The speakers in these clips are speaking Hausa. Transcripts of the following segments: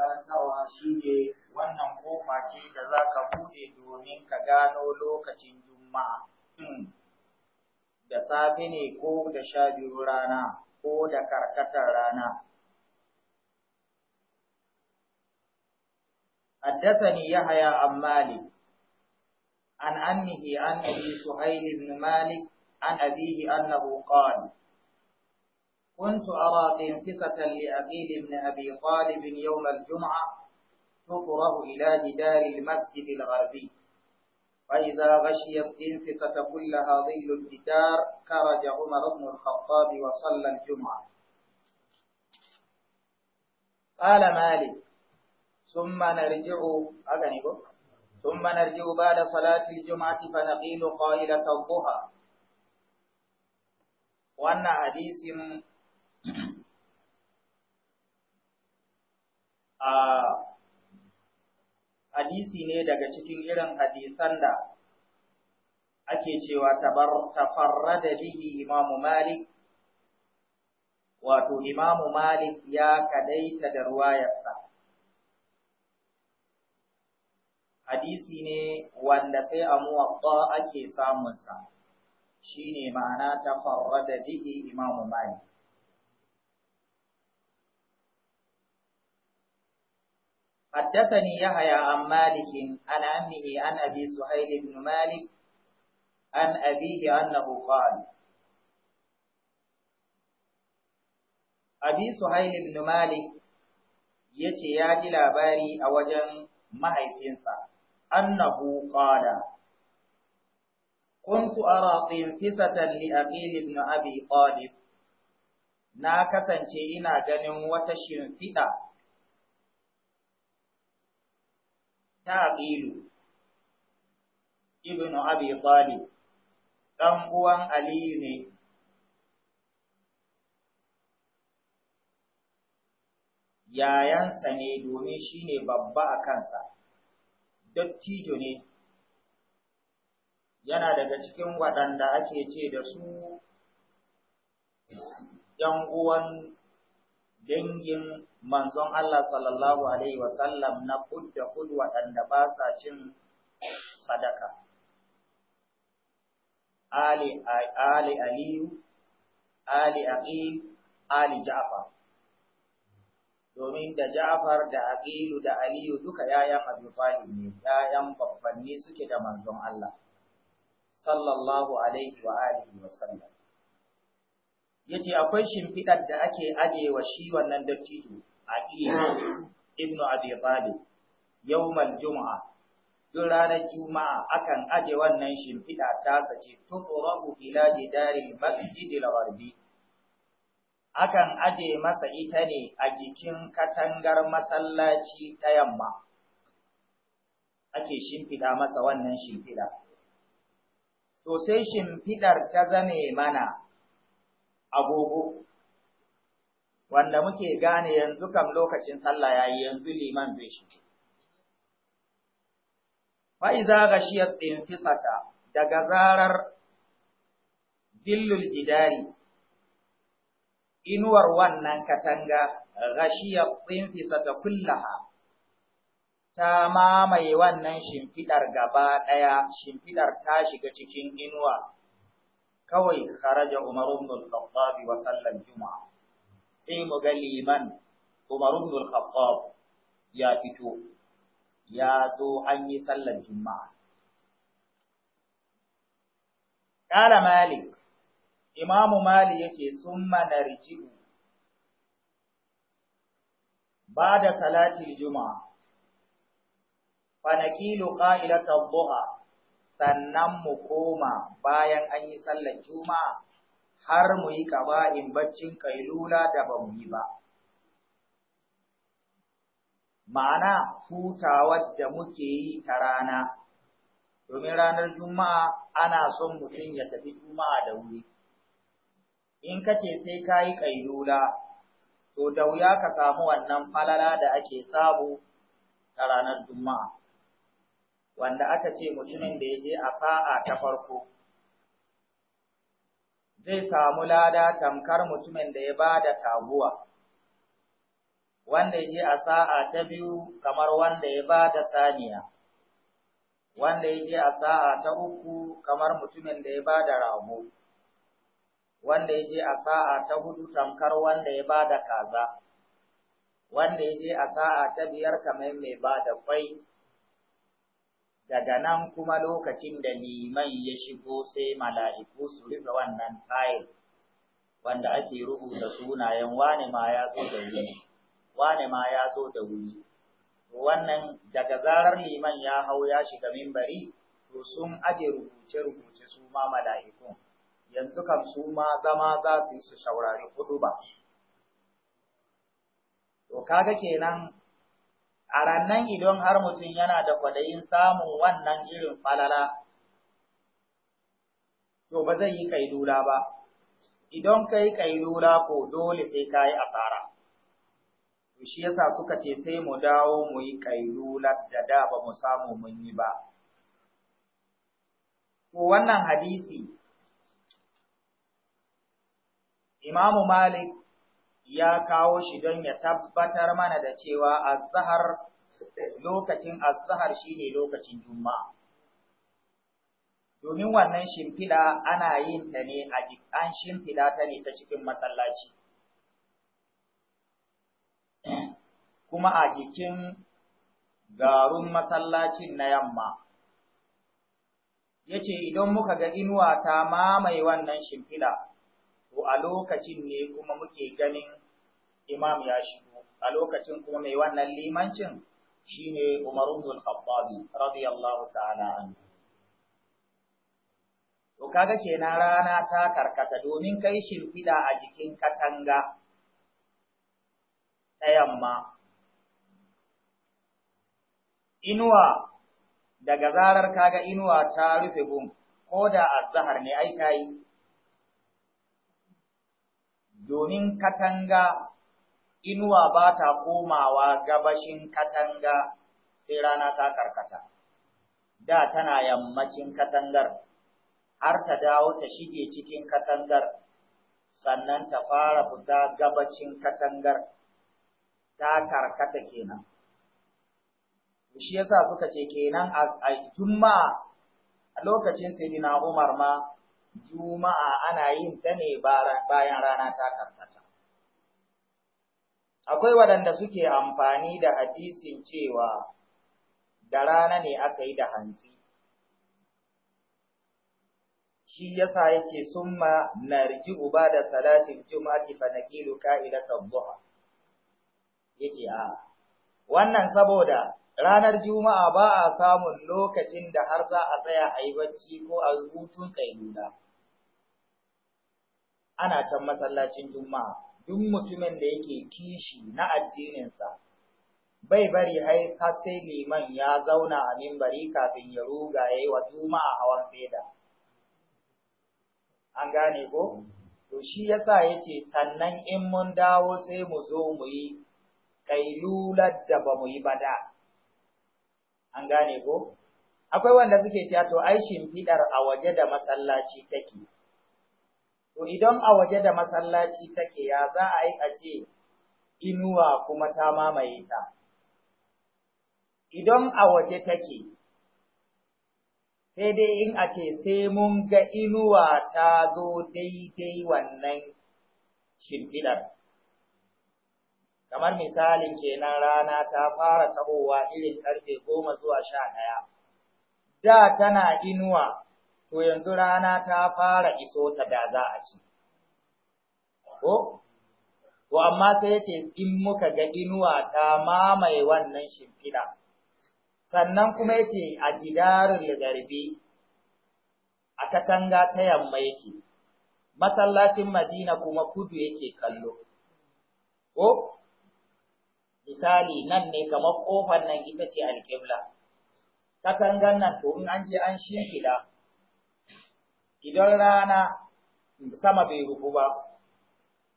karantarwa ne wannan kofa ce da za ka buɗe domin ka gano lokacin juma'a hmm. da safe ne ko da sha biyu rana ko da karkatar rana حدثني يحيى عن مالك عن أمه عن أبي سهيل بن مالك عن أبيه أنه قال كنت أرى قنفسة لأخي بن أبي طالب يوم الجمعة تطره إلى جدار المسجد الغربي فإذا غشيت قنفسة كلها ظل الجدار كرج عمر بن الخطاب وصلى الجمعة قال مالك ثم نرجع ثم نرجع بعد صلاة الجمعة فنقيل قائلة الضحى وأن حديث hadisi ne daga cikin irin hadisan da ake cewa da bihi imamu malik wato imamu malik ya kadaita da ruwayarsa hadisi ne wanda sai a muwaɓɓa ake samunsa shi ne ma'ana da bihi imamu malik حدثني يحيى عن مالك عن عمه عن ابي سهيل بن مالك عن ابيه انه قال ابي سهيل بن مالك يتي يا جي لاباري اوجن مهيبينسا انه قال كنت ارى قنفسة لاقيل بن ابي طالب na kasance ina ganin wata shimfiɗa Shaqilu ibn Abi Talib dan uwan Aliyu ne yayansa ne domin shi ne babba a kansa dattijo ne yana daga cikin waɗanda ake ce da su ‘yan uwan dangin manzon Allah sallallahu Alaihi wasallam na kudda da waɗanda ba sa cin sadaka. Ali Aliyu, Ali Aqil, Ali Ja'far. Domin da Ja'far da Aqilu da Aliyu duka ‘ya'yan Abu Talib ne, ‘ya'yan babbanni suke da manzon Allah, sallallahu Alaihi wa alihi wasallam. yace akwai shimfidar da ake ajewa shi wannan dattijo a iya ibnu abi talib yawmal Juma'a, duk ranar juma'a akan aje wannan shimfida ta sace tuqra'u ila jidaril al gharbi akan aje masa ita ne a jikin katangar masallaci ta yamma ake shimfida masa wannan shimfida to sai shimfidar ta zame mana agogo wanda muke gane yanzu kam lokacin sallah yayi yanzu liman zai shige fa idza ghashiyat fisata daga zarar dillul jidari inuwar wannan katanga ghashiyat fisata kullaha ta mamaye wannan shimfidar gaba daya shimfidar ta shiga cikin inuwa kawai kharaja Umar ibn al-Khattab wa Juma'a sai mu ga liman Umar ibn al-Khattab ya fito ya zo an yi sallar Juma'a Kala Malik Imamu Malik yake summa narji'u ba da salatil Juma'a fa naqilu qa'ilata ad-duha sannan mu koma bayan an yi sallar juma'a har mu yi in baccin kailula da ba mu yi ba. Ma'ana hutawar da muke yi ta rana, domin ranar juma'a ana son mutum ya tafi juma'a da wuri. In ka ce sai ka yi kailula, to da wuya ka samu wannan falala da ake samu ta ranar juma'a. wanda aka ce mutumin da ya je a fa'a ta farko zai samu lada tamkar mutumin da ya ba da taguwa wanda ya je a sa'a ta biyu kamar wanda ya ba da saniya wanda ya je a sa'a ta uku kamar mutumin da ya ba da rago wanda ya je a sa'a ta hudu tamkar wanda ya ba da kaza wanda ya je a sa'a ta biyar kamar mai ba da kwai daga nan kuma lokacin da liman ya shigo sai mala'iku su rufe wannan fayil wanda ake rubuta sunayen wane ma ya zo da wuri wane ma ya zo da wuri wannan daga zarar liman ya hau ya shiga mimbari to sun aje rubuce-rubuce su ma mala'ikun yanzu kan su ma zama za su yi su shaurari hudu ba to kaga kenan a rannan idan har mutum yana da kwaɗayin samun wannan irin falala, to ba zai yi kailula ba, idan ka yi kailula ko dole sai ka yi asara. shi yasa suka ce sai mu dawo mu yi kailula, da da ba mu samu mun yi ba. Ko wannan hadisi, Imamu Malik ya kawo shi don ya tabbatar mana da cewa azhar lokacin azhar shine lokacin Juma. domin wannan shimfiɗa ana yin ta ne a an shimfiɗa ta ne ta cikin masallaci kuma a jikin garun masallacin na yamma yace idan muka ga inuwa ta mamaye wannan shimfida, to a lokacin ne kuma muke ganin imam ya shigo a lokacin kuma mai wannan limancin shine Umar ibn al-Khattab radiyallahu ta'ala anhu to kaga kenan rana ta karkata domin kai shirfida a jikin katanga ta yamma inuwa daga zarar kaga inuwa ta rufe gum ko da azhar ne ai kai domin katanga inuwa ba ta komawa gabashin katanga sai rana ta karkata. Da tana yammacin katangar, har ta dawo ta shige cikin katangar, sannan ta fara fita gabacin katangar, ta karkata kenan. Shi yasa suka ce kenan a juma a lokacin Sayyidina Umar ma, juma'a ana yin ta ne bayan rana ta karkata. akwai waɗanda suke amfani da hadisin cewa da rana ne aka yi da hanzi. Shi yasa yake summa narji uba da salatin juma'ati fa naqilu qa'ilatan duha. Yace a wannan saboda ranar juma'a ba a samun lokacin da har za a tsaya a yi bacci ko a hutun kailula. Ana can masallacin juma'a. duk mutumin da yake kishi na addininsa bai bari har sai liman ya zauna a mimbari kafin ya ruga yayi wa juma'a hawan feda an gane ko to shi yasa yace sannan in mun dawo sai mu zo mu yi kailular da ba mu yi ba an gane ko akwai wanda suke cewa to ai shimfidar a waje da masallaci take To idan a waje da masallaci take ya za a yi a ce inuwa kuma ta mamaye ta. Idan a waje take, sai dai in a ce sai mun ga inuwa ta zo daidai wannan shimfidar. Kamar misalin kenan rana ta fara tahowa irin karfe goma zuwa sha ɗaya, da tana inuwa to yanzu rana ta fara iso ta da za a ci. Ko? To, amma sai yace in muka ga inuwa ta mamaye wannan shimfiɗa, sannan kuma yace a jidarin garbi a katanga ta yamma yake, masallacin Madina kuma kudu yake kallo. Ko? Misali nan ne kamar ƙofar nan ita ce alƙibla, katangan nan to in an je an shimfiɗa. idan rana sama bai rufu ba,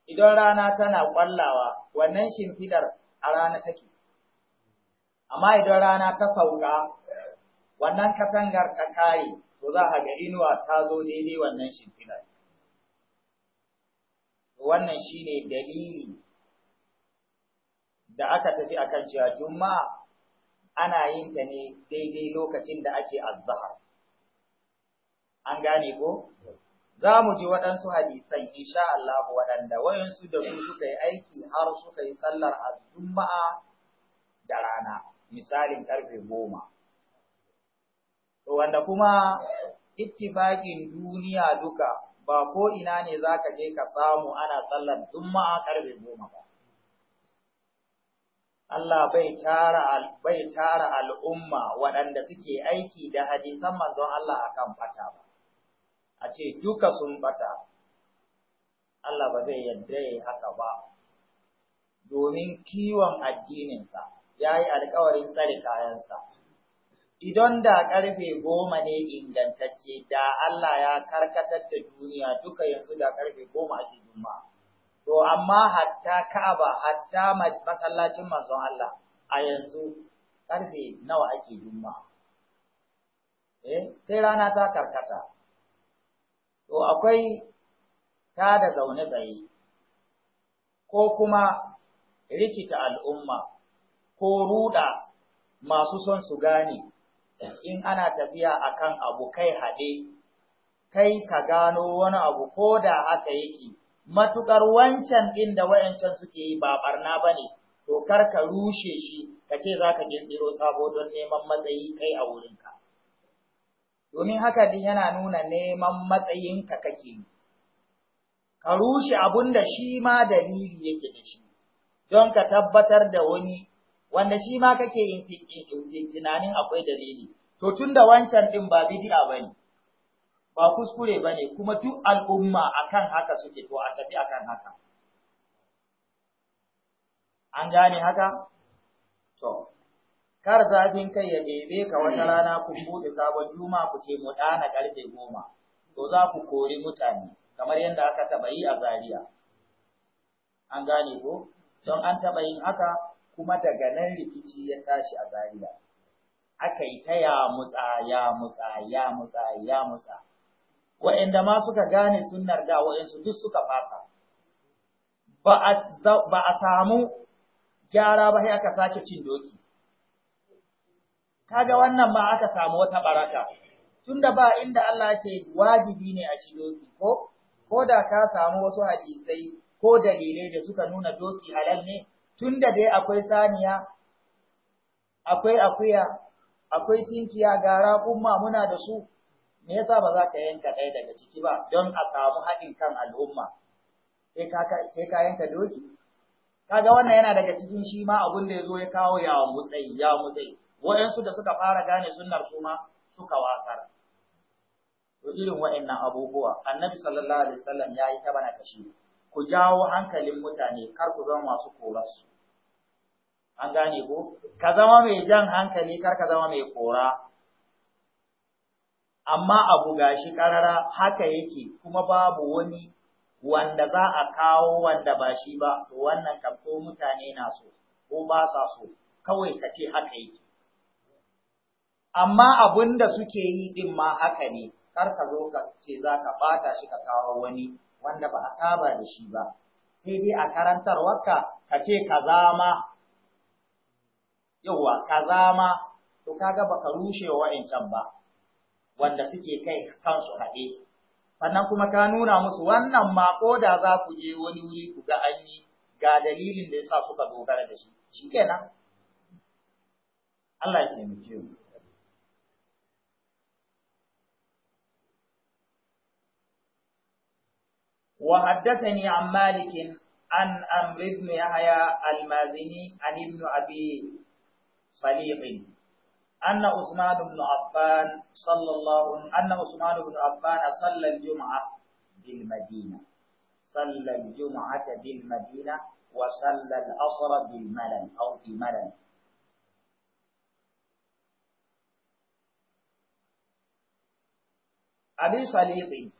idan rana tana kwallawa, wannan shimfidar a rana take, amma idan rana ta sauka wannan katangar ta kare to za a ga inuwa ta zo daidai wannan shimfidar. Wannan shi ne dalili da aka tafi akan cewa Juma'a ana yin ta ne daidai lokacin da ake azahar. an gane ko za mu ji waɗansu hadisan insha Allah waɗanda wayansu da su suka yi aiki har suka yi sallar azumma'a da rana misalin karfe goma to wanda kuma ittifaqin duniya duka ba ko ina ne za ka je ka samu ana sallar juma'a karfe goma ba. Allah bai tara al'umma waɗanda suke aiki da hadisan manzon Allah akan fata ba. a ce duka sun bata Allah ba zai yarda ya haka ba domin kiwon addininsa ya yi alkawarin tsare kayansa idan da karfe goma ne ingantacce da Allah ya karkatar da duniya duka yanzu da karfe goma ake juma'a To, amma hatta Ka'aba, hatta masallacin manzon Allah a yanzu ƙarfe nawa ake juma. Eh, sai rana ta karkata. to akwai ta da zaune tsaye, ko kuma rikita al'umma, ko ruɗa masu son su gane in ana tafiya a kan abu kai haɗe, kai ka gano wani abu ko da aka yake, matuƙar wancan ɗin da wayancan suke yi ba ɓarna ba ne, to kar ka rushe shi, ka ce za ka ƙirƙiro sabo don neman matsayi kai a wurinka. domin haka din yana nuna neman matsayinka kake yi ka rushe abun da shi ma dalili yake da shi don ka tabbatar da wani wanda shi ma kake yin tunanin akwai dalili to tun da wancan din ba ba ne, ba kuskure ba ne, kuma duk al'umma akan haka suke to a tafi akan haka an gane haka to kar zafin kai ya bebe ka wata hmm. rana ku buɗe sabon juma ku ce mu ɗana ƙarfe goma, to za ku kori mutane, kamar yadda aka taɓa yi a Zaria. An gane ko? Don an taɓa yin haka kuma daga nan rikici ya tashi a Zaria. Aka yi ta ya mutsa, ya mutsa, ya mutsa, ya mutsa. Wa'inda ma suka gane sunnar da wa'insu duk suka fasa. Ba a samu gyara ba sai aka sake cin doki. kaga wannan ma aka samu wata baraka tunda ba inda Allah yake wajibi ne a ci doki ko ko da ka samu wasu hadisai ko dalilai da suka nuna doki halal ne tunda dai akwai saniya akwai akuya akwai tinkiya gara kuma muna da su me yasa ba za ka yanka ɗaya daga ciki ba don a samu haɗin kan al'umma sai ka yanka doki kaga wannan yana daga cikin shi ma abin da ya zo ya kawo yawon mutsayi ya mutsayi waɗansu da suka fara gane sunnar kuma suka wasar to irin waɗannan abubuwa annabi sallallahu alaihi wasallam ya yi ta bana kashi ku jawo hankalin mutane kar ku zama masu korarsu an gane ko ka zama mai jan hankali kar ka zama mai kora amma abu gashi karara haka yake kuma babu wani wanda za a kawo wanda ba shi ba to wannan kam mutane na so ko ba sa so kawai ka ce haka yake amma abin da suke yi din ma haka ne kar ka zo ka ce za ka bata shi ka kawo wani wanda ba a saba da shi ba sai dai a karantarwarka ka ce ka zama yauwa ka zama to kaga baka rushe wa waɗancan ba wanda suke kai kansu haɗe sannan kuma ka nuna musu wannan ma koda za ku je wani wuri ku ga an yi ga dalilin da ya sa kuka dogara da shi shikenan Allah ya taimake mu وحدثني عن مالك عن أمر بن يحيى المازني عن ابن أبي صليق أن عثمان بن عفان صلى الله أن عثمان بن عفان صلى الجمعة بالمدينة صلى الجمعة بالمدينة وصلى العصر بالملل أو في ملل أبي صليق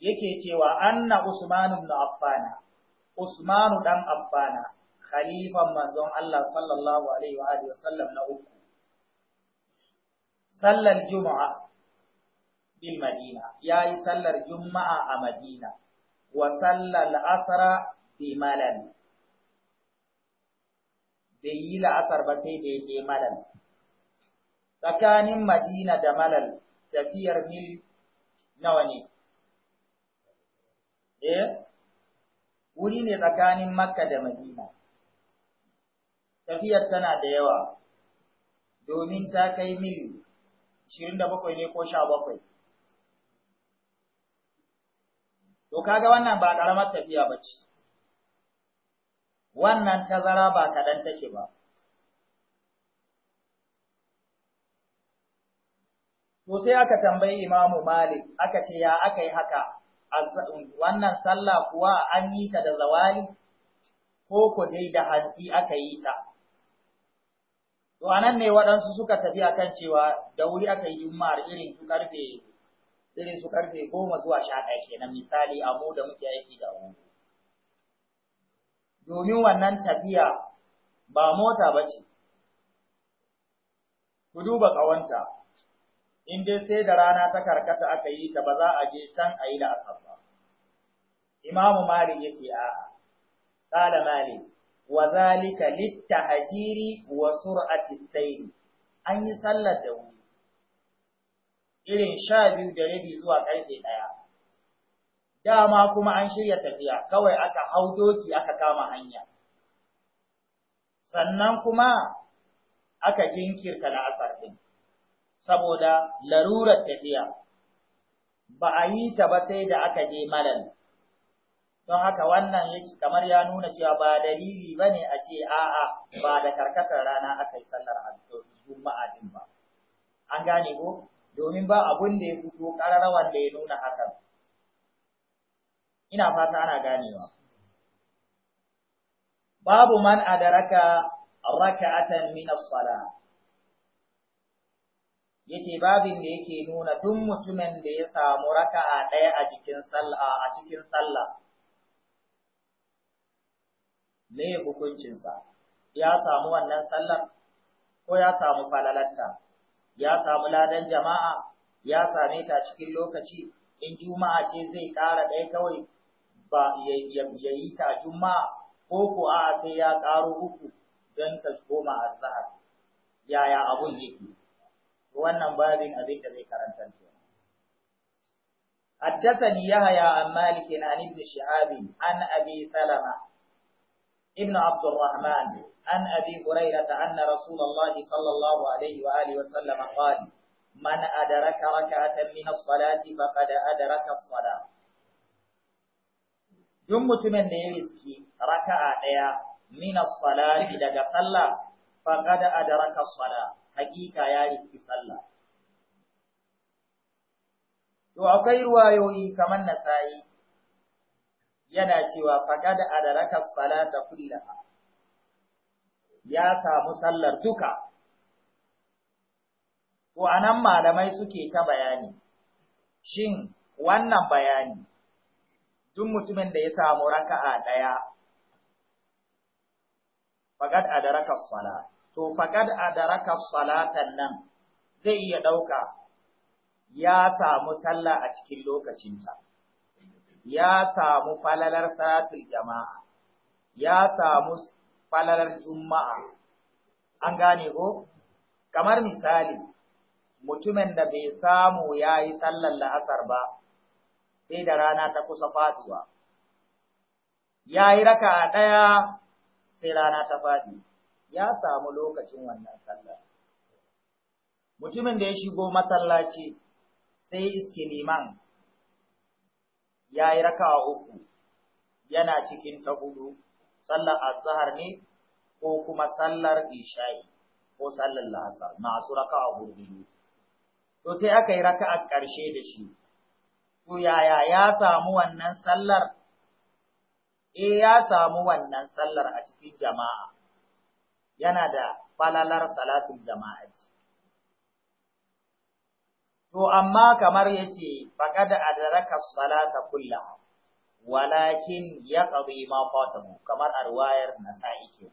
yake cewa anna Usman ibn Affan Usman dan Affan khalifan manzon Allah sallallahu alaihi wa alihi wasallam na uku sallar juma'a bil madina yayi sallar juma'a a madina wa sallal asra bi malal bai yi la'asar ba sai da ya malal tsakanin madina da malal tafiyar mil nawa ne eh wuri ne tsakanin Makka da Madina tafiyar tana da yawa domin ta kai mil 27 ne ko 17 to kaga wannan ba karamar tafiya ba ce. wannan tazara ba kaɗan take ba. To sai aka tambayi Imamu Malik, aka ce ya aka yi haka, wannan sallah kuwa an yi ta da zawali ko ko dai da hanti aka yi ta. To anan ne waɗansu suka tafi akan cewa da wuri aka yi jumma'ar irin su karfe irin su karfe goma zuwa sha ɗaya kenan misali a mu da muke aiki da Domin wannan tafiya ba mota ba ce, ku duba ƙawanta. in dai sai da rana ta karkata aka yi ta ba za a je can a yi da asar ba imamu malik yake a qala malik wa zalika littahjiri wa sur'ati sayr an yi sallar da wuri irin sha biyu da rabi zuwa karfe ɗaya dama kuma an shirya tafiya kawai aka hau doki aka kama hanya sannan kuma aka jinkirta asar din saboda larurar tafiya ba a yi ta ba sai da aka je malal don haka wannan yake kamar ya nuna cewa ba dalili ba ne a ce a'a ba da karkatar rana aka yi sallar juma'a din ba an gane ko domin ba abun da ya fito kararrawan da ya nuna hakan ina fata ana ganewa babu man adaraka raka'atan min as-salah yace babin da yake nuna duk mutumin da ya samu raka'a ɗaya a cikin sallah a cikin sallah me hukuncinsa ya samu wannan sallar ko ya samu falalarta ya samu ladan jama'a ya same ta cikin lokaci in juma'a ce zai ƙara ɗaya kawai ba ya yi ta juma'a ko ko a sai ya ƙaro uku don ta koma azhar yaya abun yake wannan babin abinda da zai karanta haddasa Haddathani Yahya an Malik an Ibn Shihab an Abi Salama Ibn Abd Rahman an Abi Hurairah anna Rasulullah sallallahu alaihi wa alihi wa sallam qala man adraka rak'atan min as-salati faqad adraka as-salah mutumin da ya riski raka'a ɗaya min as daga sallah faqad da as fada. hakika ya riski sallah to akwai ruwayoyi kamar na sayi. yana cewa faqad adaraka salata kullaha ya samu sallar duka to nan malamai suke ta bayani shin wannan bayani duk mutumin da ya samu raka'a daya faqad adaraka salata to faƙad adaraka salatan nan zai iya ɗauka ya samu sallah a cikin lokacinta, ya samu falalar salatul jama'a, ya samu falalar juma'a, an gane ko? Kamar misali, mutumin da bai samu ya yi sallar la'asar ba, sai da rana ta kusa faduwa. Ya yi raka a ɗaya sai rana ta faɗi. ya samu lokacin wannan sallar. Mutumin da ya shigo masallaci sai iske liman ya yi rakawa uku yana cikin ta hudu, sallar azhar ne ko kuma sallar isha'i ko sallar lasar masu rakawa hudu. To sai aka yi raka'a ƙarshe da shi, to yaya ya samu wannan sallar? Eh ya samu wannan sallar a cikin jama'a. yana da falalar salatul jama'a To amma kamar yace faqad adraka salata kulla walakin ya ma fatahu kamar a riwayar sa’i ke.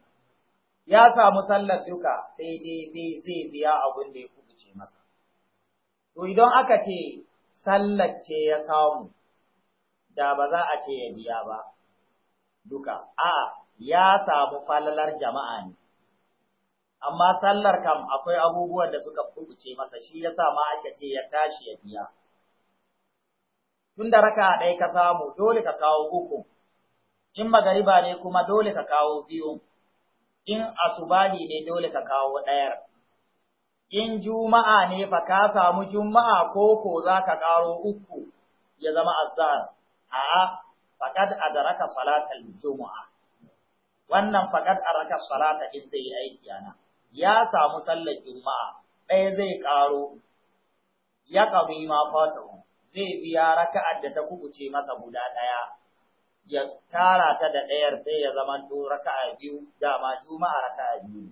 Ya samu sallar duka sai dai dai zai biya abin da ya kubuce masa. To idan aka ce sallar ce ya samu da ba za a ce ya biya ba duka a ya samu falalar jama'a ne amma sallar kam akwai abubuwan da suka kubuce masa shi yasa ma ake ce ya tashi ya biya tunda raka ɗaya ka samu dole ka kawo uku in magariba ne kuma dole ka kawo biyu in asubahi ne dole ka kawo ɗayar in juma'a ne fa ka samu juma'a ko ko za ka karo uku ya zama azhar a'a faqad adraka salatal juma'a wannan faqad adraka salata in zai aiki ana ya samu sallar juma'a ɗaya zai ƙaro ya ƙawi ma fatahu zai biya raka'ar da ta kubuce masa guda ɗaya ya tara ta da ɗayar sai ya zama to raka'a biyu dama juma'a raka'a biyu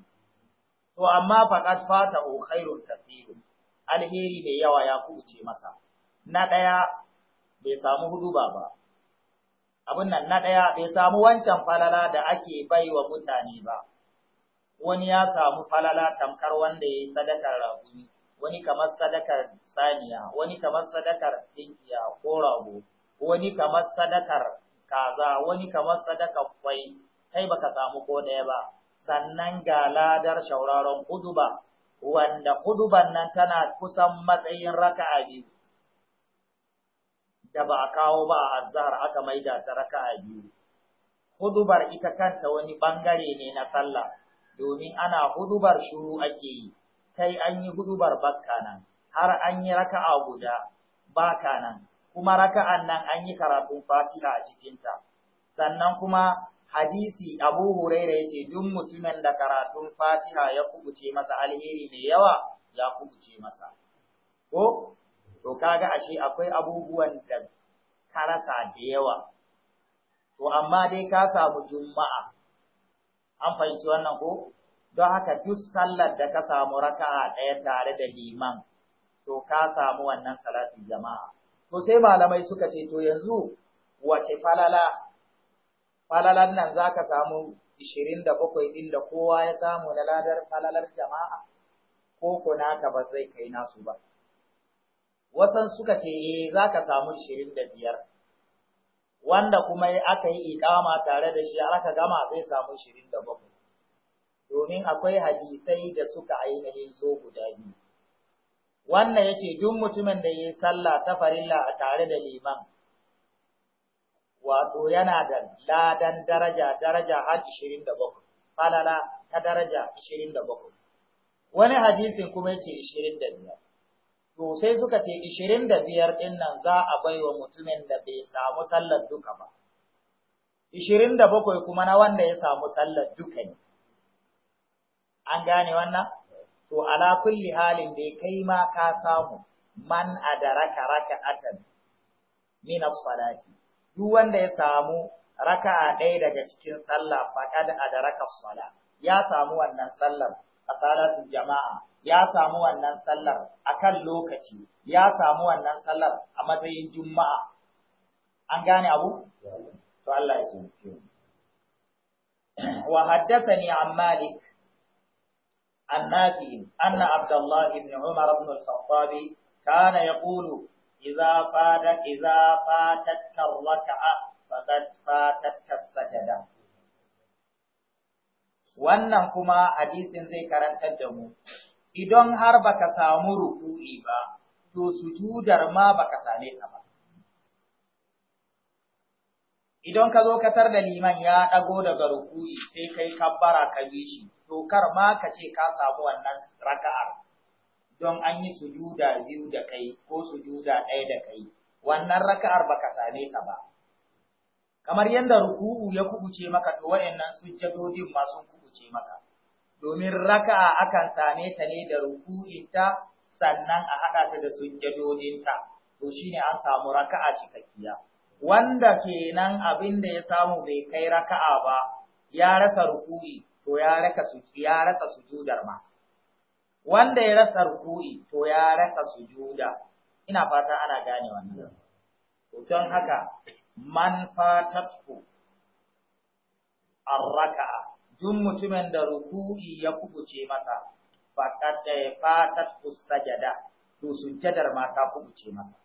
to amma faqat fatahu khairun kathir alheri mai yawa ya kubuce masa na ɗaya bai samu huduba ba abin nan na ɗaya bai samu wancan falala da ake baiwa mutane ba wani ya samu falala tamkar wanda ya yi sadakar raguni, wani kamar sadakar saniya, wani kamar sadakar tinkiya ko rago, wani kamar sadakar kaza, wani kamar sadakar kwai, kai baka samu ko ɗaya ba. Sannan ga ladar shauraron kuduba, wanda kuduban nan tana kusan matsayin raka a biyu. Da ba a kawo ba a azhar aka maida ta raka a biyu. Kudubar ita kanta wani ɓangare ne na sallah. domin ana hudubar shuru ake yi, kai an yi hudubar bakka nan, har an yi raka'a guda baka nan, kuma raka'an nan an yi karatun fatiha a cikinta. Sannan kuma hadisi Abu Huraira yace duk mutumin da karatun fatiha ya kubuce masa alheri mai yawa ya kubuce masa. Ko? To kaga ashe akwai abubuwan da karasa da yawa. To amma dai ka samu juma'a an fahimci wannan ko don haka duk sallar da ka samu raka'a ɗaya tare da liman to ka samu wannan salatin jama'a to sai malamai suka ce to yanzu wace falala falalan nan za ka samu da bakwai ɗin da kowa ya samu na ladar falalar jama'a ko ko naka ba zai kai nasu ba wasan suka ce eh za ka samu da biyar. wanda kuma aka yi ikama tare da shi aka gama zai samu shirin da bakwai domin akwai hadisai da suka ainihin so guda biyu wannan yace duk mutumin da yayi sallah ta farilla a tare da liman wato yana da ladan daraja daraja har 27 falala ta daraja 27 wani hadisin kuma yace 25 to sai suka ce 25 din nan za a bai wa mutumin da bai samu sallar duka ba 27 kuma na wanda ya samu sallar duka ne an gane wannan to ala kulli halin da kai ma ka samu man adaraka raka atan mina salati duk wanda ya samu raka a ɗaya daga cikin sallah a da raka sala ya samu wannan sallar a salatin jama'a ya samu wannan sallar akan lokaci ya samu wannan sallar a matsayin juma'a an gane abu to Allah ya ce wa haddathani an malik an anna abdullah ibn umar ibn al-khattab kana yaqulu idza fadat idza fatatka raka'a faqad fatatka sajada wannan kuma hadisin zai karantar da mu idan har ba ka samu ruku'i ba to sujudar ma ba ka same ta ba idan ka zo ka da liman ya ɗago daga ruku'i sai kai kabbara ka bi shi to kar ma ka ce ka samu wannan raka'ar don an yi sujuda biyu da kai ko sujuda ɗaya da kai wannan raka'ar ba ka same ta ba kamar yadda ruku'u ya kubuce maka to waɗannan sujjadodin ma sun kubuce maka domin raka'a akan same ta ne da ruku'inta sannan a haɗa ta da sujjadodinta to shine an samu raka'a cikakkiya wanda kenan abin da ya samu bai kai raka'a ba ya rasa ruku'i to ya rasa ya rasa sujudar ma wanda ya rasa ruku'i to ya rasa sujuda ina fata ana gane wannan don haka man fatatku ar-raka'a duk mutumin da ruku'i ya kubuce masa fatat da ya fatat kusajada to sujjadar ma ta kubuce masa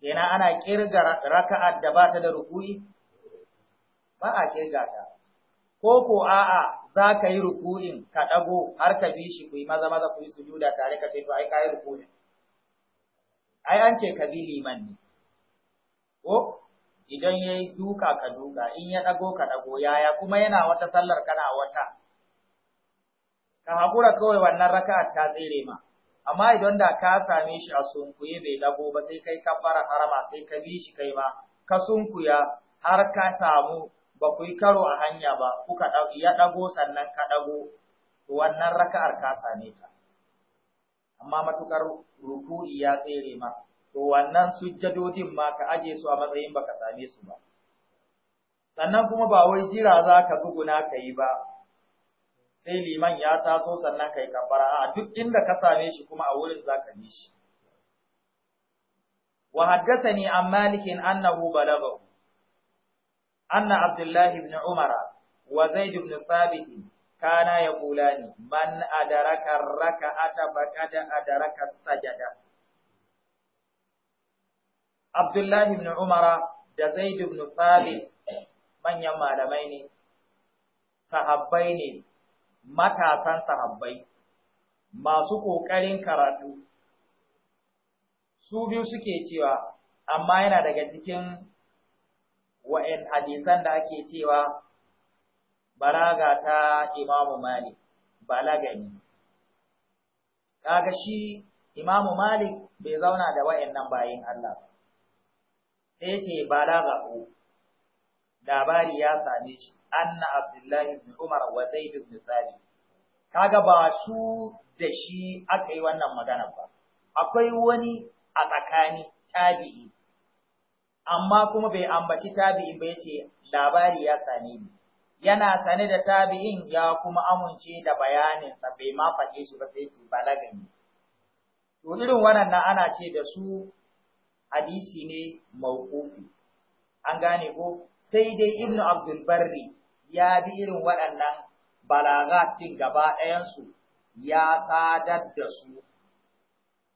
Ina ana kirga raka'a da ba ta da ruku'i ba a kirga ta ko ko a'a za ka yi ruku'in ka dago har ka bi shi ku yi maza maza ku yi sujuda tare ka ce to ai ka yi ruku'in ai an ce ka bi liman ko idan ya yi duka ka duka in ya ɗago ka ɗago yaya kuma yana wata sallar kana wata ka haƙura kawai wannan raka'ar ta tsere ma amma idan da ka same shi a sunkuye bai ɗago ba sai kai fara harama sai ka bi shi kai ma ka sunkuya har ka samu ba ku yi karo a hanya ba kuka ya ɗago sannan ka ɗago wannan raka'ar ka same ta amma matukar ruku'i ya tsere ma to wannan sujjadodin ma ka aje su a matsayin baka same su ba sannan kuma ba wai jira za ka zuguna ka yi ba sai liman ya taso sannan ka yi kafara a duk inda ka same shi kuma a wurin za ka yi shi wa haddathani an malikin annahu balaghahu أن عبد الله بن عمر وزيد بن ثابت كانا يقولان من أدرك الركعة Adaraka أدرك sajada Abdullahi ibn Umar, da Zaid ibn Thabit manyan malamai ne, sahabbai ne, matasan sahabbai, masu ƙoƙarin karatu. Su biyu suke cewa, amma yana daga cikin wa'in hadisan da ake cewa balaga ta Imamu Malik, balagani. Kaga shi Imamu Malik bai zauna da wa'in nan bayin Allah ba. sai ce balaga ko labari ya same shi anna abdullahi ibn umar wa zaid ibn salim kaga ba su da shi aka yi wannan magana ba akwai wani a tsakani tabi'i amma kuma bai ambaci tabi'in ba yace labari ya same ni yana sane da tabi'in ya kuma amince da bayanin sa bai ma faɗe shi ba sai ce balagani to irin wannan ana ce da su hadisi ne mawqufi an gane ko sai dai ibnu abdul barri ya bi irin waɗannan balagatin din gaba ɗayan su ya sadar da su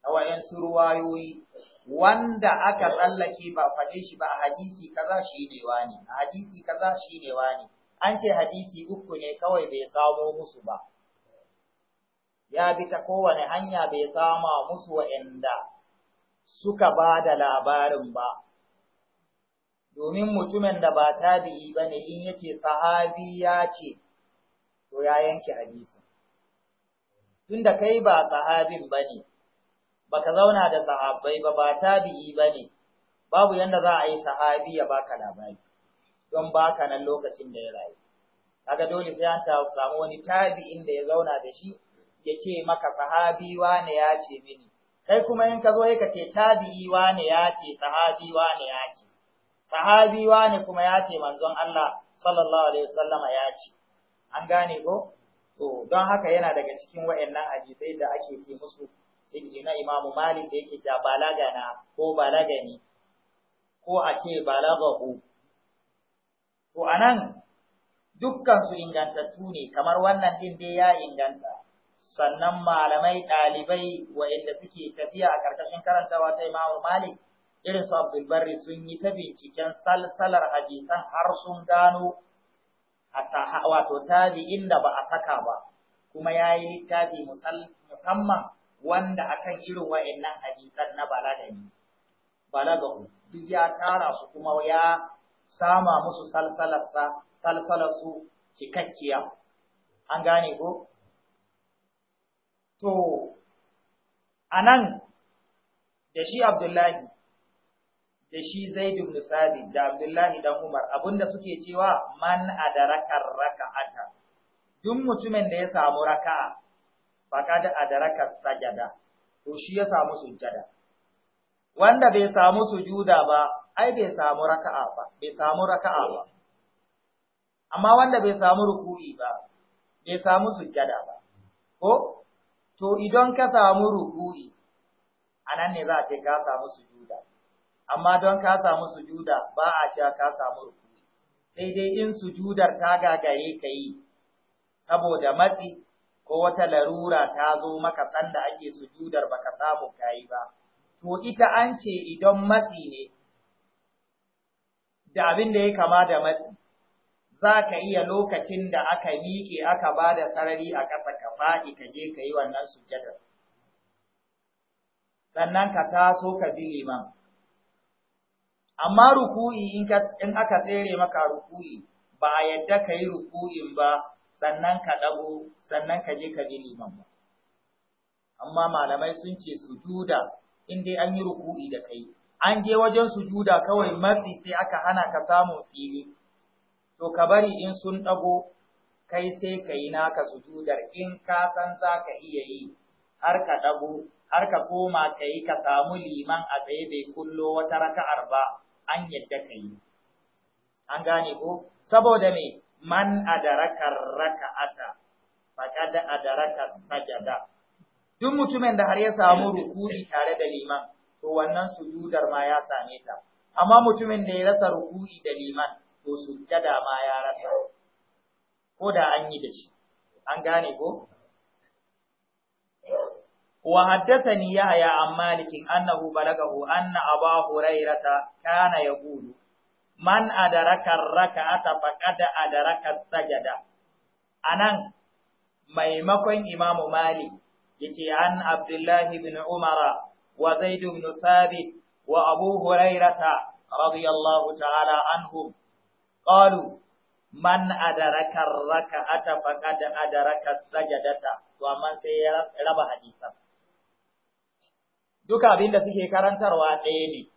a wayansu ruwayoyi wanda aka tsallake ba faɗe shi ba a hadisi kaza shi ne wani a hadisi kaza shi ne wani an ce hadisi uku ne kawai bai samo musu ba ya bi ta kowane hanya bai sama musu wa'anda suka ba da labarin ba. Domin mutumin da ba tabi'i ba ne in yake sahabi ya ce, to ya yanke hadisi. Tunda kai ba sahabin ba ne, ba ka zauna da sahabai ba, ba tabi'i ba ne, babu yadda za a yi sahabi ya baka labari, don baka nan lokacin da ya rayu. Kaga dole sai an samu wani tabi'in da ya zauna da shi, ya ce maka sahabi wane ya ce mini, kai kuma in ka zo ka ce tabi'i ne ya ce sahabi ne ya ce sahabi ne kuma ya ce manzon Allah sallallahu alaihi wasallama ya ce an gane ko to don haka yana daga cikin wayannan hadisi da ake ce musu sai na Imam Malik da yake ja balaga na ko balaga ne ko a ce balagahu to anan dukkan su ingantattu ne kamar wannan din dai ya inganta sannan malamai ɗalibai waɗanda suke tafiya a ƙarƙashin karantawa ta imamu Malik irin su Abdul Bari sun yi ta binciken salsalar hadisan har sun gano a wato tabi'in da ba a saka ba kuma ya yi tabi musamman wanda akan irin waɗannan hadisan na balagani balagahu duk ya tara su kuma ya sama musu salsalarsa salsalarsu cikakkiya an gane ko To, a nan da shi Abdullahi, da shi Zaidu ibn Sabit da Abdullahi dan Umar abinda suke cewa man adarakar raka'ata duk mutumin da ya samu raka'a da adaraka sajada to shi ya samu sujada. wanda bai samu sujuda ba ai bai samu raka'a ba bai samu raka'a ba amma wanda bai samu ruku'i ba bai samu sujada ba ko to idon ka samu ruku'i anan ne za a ce ka samu sujuda amma don ka samu sujuda ba a cewa ka samu ruku'i sai dai in sujudar ta gagaye ka yi saboda matsi ko wata larura ta zo maka sanda ake sujudar baka samu ka yi ba to ita an ce idon matsi ne da abin da ya kama da matsi za ka iya lokacin da aka miƙe aka ba da sarari a ƙasa ka faɗi ka je ka yi wannan sujjadar. Sannan ka taso ka bi liman. Amma ruku'i in aka tsere maka ruku'i ba a yadda ka yi ruku'in ba sannan ka ɗago sannan ka je ka bi liman ba. Amma malamai sun ce sujuda in dai an yi ruku'i da kai. An je wajen sujuda kawai matsi sai aka hana ka samun fili. to ka bari in sun ɗago kai sai ka yi naka sujudar in ka san za ka iya yi har ka ɗago har ka koma ka yi ka samu liman a tsaye bai kullo wata raka'ar ba an yadda ka yi an gane ko saboda me man adaraka raka'ata da adaraka sajada duk mutumin da har ya samu ruku'i tare da liman to wannan sujudar ma ya same ta amma mutumin da ya rasa ruku'i da liman ko sujjada ma ya rasa ko da an yi da shi an gane ko wa haddathani yahya an malikin annahu balagahu anna aba hurairata kana yaqulu man adaraka rak'ata faqad adaraka sajada anan maimakon imamu malik yace an abdullah ibn umara wa zaid ibn thabit wa abu hurairata radiyallahu ta'ala anhum Ƙalu, man adaraka raka'ata faqad adaraka sajadata to amma sai ya raba hadisan duka abinda suke karantarwa ɗaya ne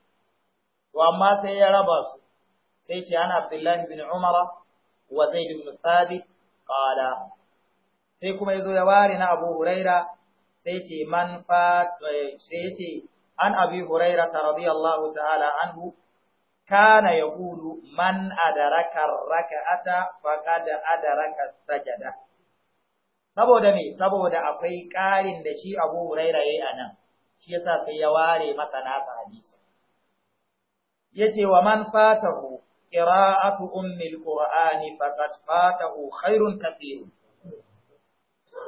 to amma sai ya raba su sai ce ana Abdullah ibn Umar wa Zaid ibn Thabit qala sai kuma yazo ya ware na Abu Huraira sai ce man fa sai ce an Abi Huraira radiyallahu ta'ala anhu kana gudu man adaraka rak'ata faqad adaraka sajada saboda me saboda akwai ƙarin da shi Abu Hurairah yayi anan shi yasa sai ya ware masa nasa hadisi yace wa man fatahu qira'atu ummil qur'ani faqad fatahu khairun kathir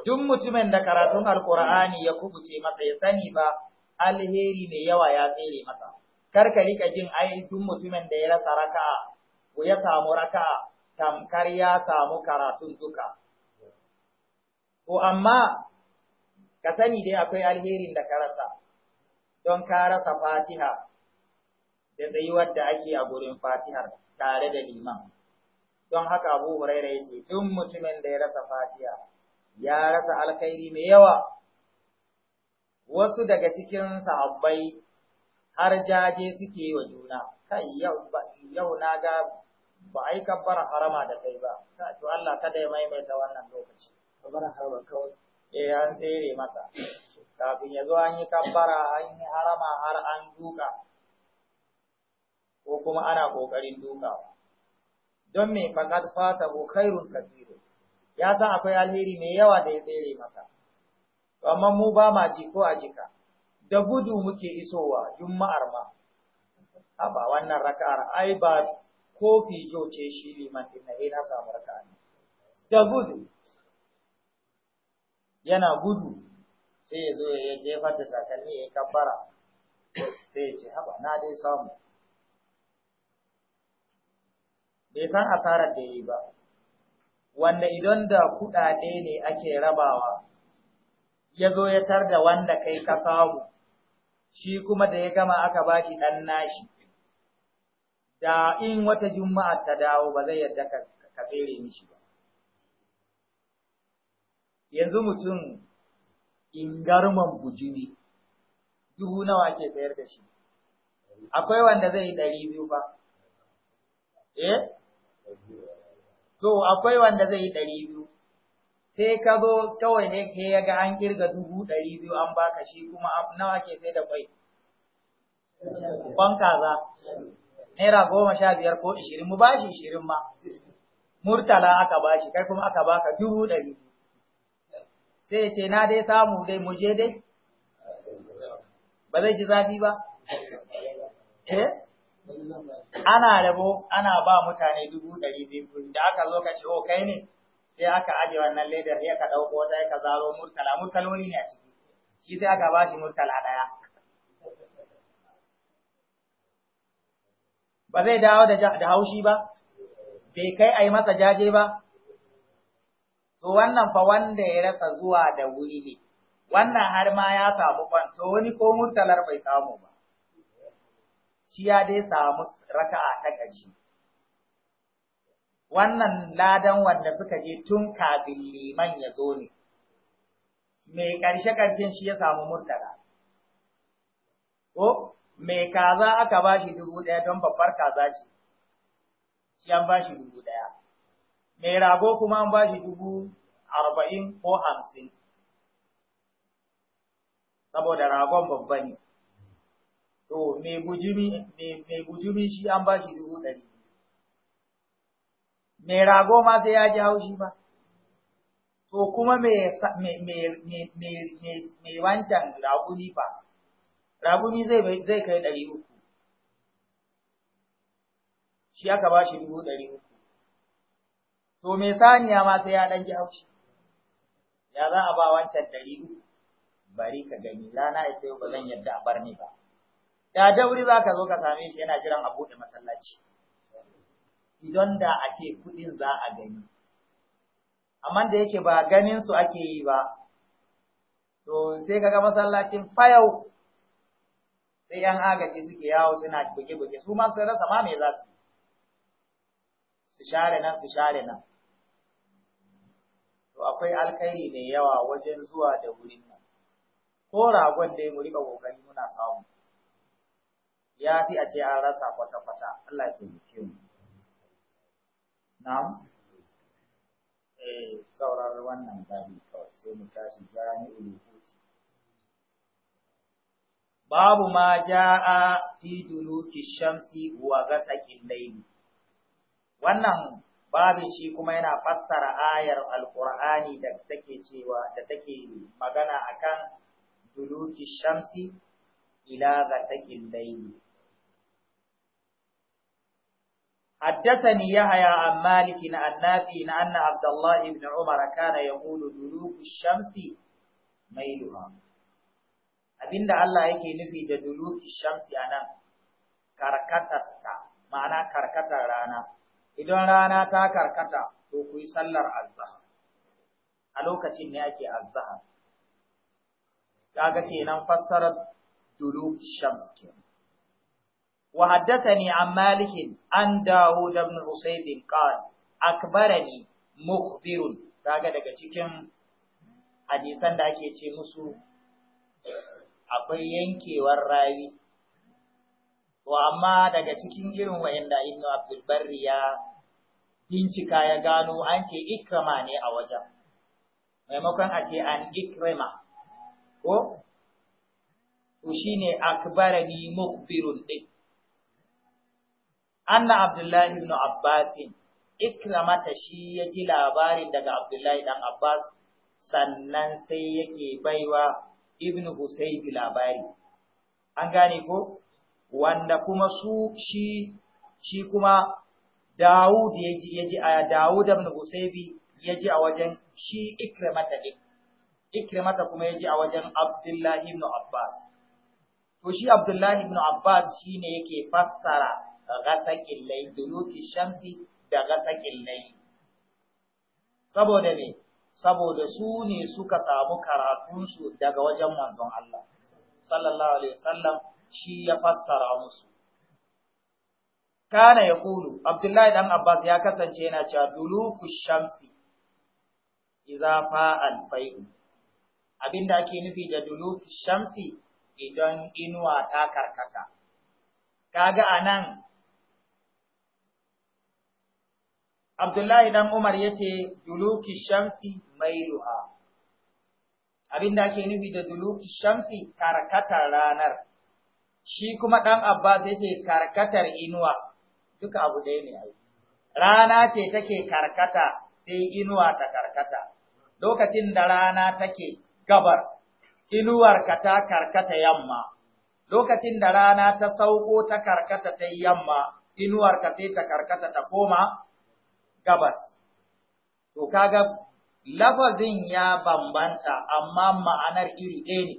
duk mutumin da karatun Alƙur'ani ya kubuce masa ya sani ba alheri mai yawa ya tsere masa kar ka rika jin ai tun mutumin da ya rasa raka'a ko ya samu raka'a tamkar ya samu karatun duka ko amma ka sani dai akwai alherin da ka rasa don ka rasa fatiha da tsayuwar da ake a gurin fatihar tare da liman don haka abu huraira ya ce mutumin da ya rasa fatiha ya rasa alkhairi mai yawa wasu daga cikin sahabbai har jaje suke wa juna kai yau na ga ba a yi kabbar harama da kai ba to Allah kada ya maimaita wannan lokaci kabbar harama kawai eh an tsere masa kafin ya zo an yi kabbara an yi harama har an duka ko kuma ana kokarin duka don me fata bu khairun Kabiru. ya san akwai alheri mai yawa da ya tsere masa amma mu ba ma ji ko a jika da gudu muke isowa juma'ar ma a ba wannan raka'ar ai ba kofi jo ce shi liman din na na samu raka'a da gudu yana gudu sai ya zo ya jefar da takalmi ya kabbara sai ya ce haba na dai samu bai san asarar da yi ba wanda idan da kuɗaɗe ne ake rabawa ya zo ya tar da wanda kai ka samu shi kuma da ya gama aka ba shi ɗan nashi, da in wata juma'a ta dawo ba zai yadda ka tsere mishi ba. Yanzu mutum in garman bujimi, duhu nawa ke sayar da shi, akwai wanda zai ɗari biyu ba. Eh? To, akwai wanda zai yi ɗari biyu, sai ka zo kawai ne ke ya ga an kirga dubu ɗari biyu an baka shi kuma nawa ke sai da kwai. kwan kaza naira goma sha biyar ko ishirin mu ba shi ishirin ma murtala aka ba shi kai kuma aka baka dubu ɗari sai ce na dai samu dai mu je dai ba zai ji zafi ba eh? ana rabo ana ba mutane dubu ɗari biyu da aka zo ka ce o oh, kai ne sai aka aje wannan ledar ya ka ɗauko wata ya ka zaro murtala murtaloni ne a ciki shi sai aka ba shi murtala ɗaya ba zai dawo da haushi ba bai kai a yi masa jaje ba to wannan fa wanda ya rasa zuwa da wuri ne wannan har ma ya samu kwanto wani ko murtalar bai samu ba shi ya dai samu raka'a ta ƙarshe wannan ladan wanda suka je tun kafin liman ya zo ne mai ƙarshe ƙarshen shi ya samu murtala ko mai kaza aka ba shi dubu ɗaya don babbar kaza ce, shi an ba shi dubu ɗaya. Mai rago kuma an ba shi dubu arba'in ko hamsin, saboda ragon babba ne. To, mai bujumi shi an ba shi dubu ɗari. Mai rago ma sai ya ji haushi ba. To, kuma mai wancan raguni ba. rabumi zai kai ɗari uku shi aka ba shi dubu ɗari uku to mai saniya ma sai ya ɗan ji haushi ya za a ba wancan ɗari uku bari ka gani rana ita yau ba zan yadda a bar ni ba da dauri za ka zo ka same shi yana jiran a buɗe masallaci idan da ake kuɗin za a gani amma da yake ba ganin su ake yi ba to sai kaga masallacin fayau sai yan agaji suke yawo suna buge-buge su ma sun rasa ma me za su su share nan su share nan to akwai alkhairi mai yawa wajen zuwa da wurin nan ko ragon dai mu rika kokari muna samu ya fi a ce an rasa kwata-kwata Allah ya taimake mu na'am eh sauraron wannan babi kawai sai mu tashi jami'u babu ma ja'a fi duluki shamsi wa ghasaqil layli wannan babu shi kuma yana fassara ayar alqur'ani da take cewa da take magana akan duluki shamsi ila ghasaqil layli حدثني يحيى عن مالك عن نافع أن عبد الله بن عمر كان يقول دلوك الشمس ميلها abinda Allah yake nufi da duluki shamsi anan karkatarta ma'ana karkatar rana idan rana ta karkata to ku yi sallar azhar a lokacin ne ake azhar kaga kenan fassarar duluki shamsi kenan وحدثني عن مالك عن داود بن حسيب قال أكبرني مخبر kaga daga cikin hadisan da ake ce musu akwai yankewar rayu. To amma daga cikin irin wa'inda Ibn Abdul Barri ya bincika ya gano an ce ikrama ne a wajen. Maimakon a ce an ikrama, Ko? To shi ne akbarani mukbirun ɗin. Anna Abdullahi ibn Abbasin ikramata shi ya ji labarin daga Abdullahi dan Abbas sannan sai yake baiwa ibn Husayb labari an gane ko wanda kuma su shi shi kuma Dawud yaji yaji a Dawud ibn Husayb yaji a wajen shi Ikrimata din Ikrimata kuma yaji a wajen Abdullah ibn Abbas to shi Abdullah ibn Abbas shine yake fassara ghasaqil layl duluki shamsi da ghasaqil layl saboda ne saboda su ne suka samu karatunsu daga wajen manzon Allah sallallahu alaihi wasallam shi ya fassara musu kana ya kulu abdullahi dan abbas ya kasance yana cewa duluku shamsi idza fa alfayl abinda ake nufi da duluku shamsi idan inuwa ta karkata kaga anan abdullahi dan umar yace duluki shamsi mailuha abin da ake nufi da duluki shamsi karkatar ranar shi kuma ɗan abbas yake karkatar inuwa duka abu ɗaya ne rana ce take karkata sai inuwa ta karkata lokacin da rana take gabar inuwarka ta karkata yamma lokacin da rana ta sauko ta karkata ta yamma inuwarka sai ta karkata ta koma gabas to kaga lafazin ya bambanta amma ma'anar iri ɗaya ne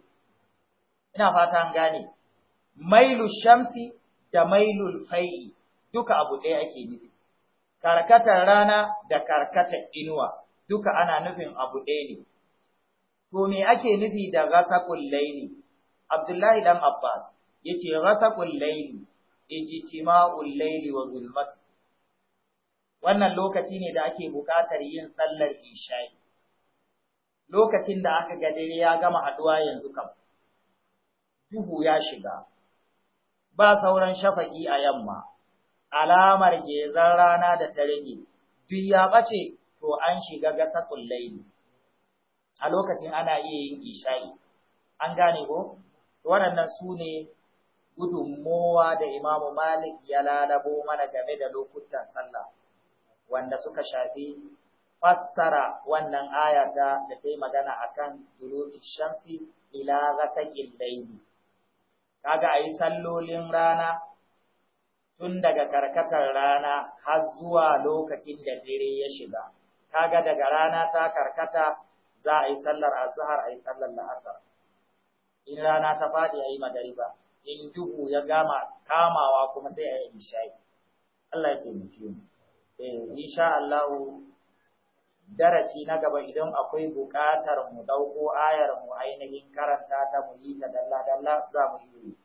ina fatan gane mailu shamsi da Mailu fai duka abu ɗaya ake nufi karkatar rana da karkatar inuwa duka ana nufin abu ɗaya ne to me ake nufi da ghasaqul layli abdullahi dan abbas yace ghasaqul layli ijtima'ul laili wa zulmat wannan lokaci ne da ake buƙatar yin sallar isha'i lokacin da aka ga ya gama haduwa yanzu kam duhu ya shiga ba sauran shafaki a yamma alamar gezan rana da ta rage duk ya bace to an shiga gasakul laili a lokacin ana iya yin isha'i an gane ko waɗannan su ne gudunmowa da imamu malik ya lalabo mana game da lokutan sallah wanda suka shafi fassara wannan aya ta da ta yi magana akan duruki shamsi ila zakakil laili kaga yi sallolin rana tun daga karkatar rana har zuwa lokacin da dare ya shiga kaga daga rana ta karkata za a yi sallar azhar a yi sallar la'asar in rana ta faɗi a yi magariba in duhu ya gama kamawa kuma sai a yi Allah ya taimake mu eh insha Allah darasi na gaba idan akwai buƙatar mu ɗauko ayar mu ainihin karanta ta mu yi ta dalla-dalla za mu yi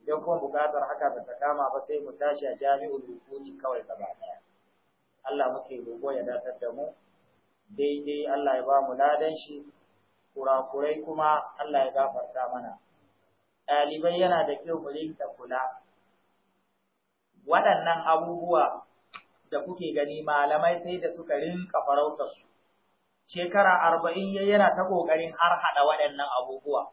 idan kuma buƙatar haka ba ta kama ba sai mu tashi a jami'ul hukuci kawai gaba ɗaya Allah muke roƙo ya datar da mu daidai Allah ya ba mu ladan shi kurakurai kuma Allah ya gafarta mana ɗalibai yana da kyau mu rinka kula waɗannan abubuwa da kuke gani malamai sai da suka rinka farautar su shekara arba'in ya yana ta ƙoƙarin har haɗa waɗannan abubuwa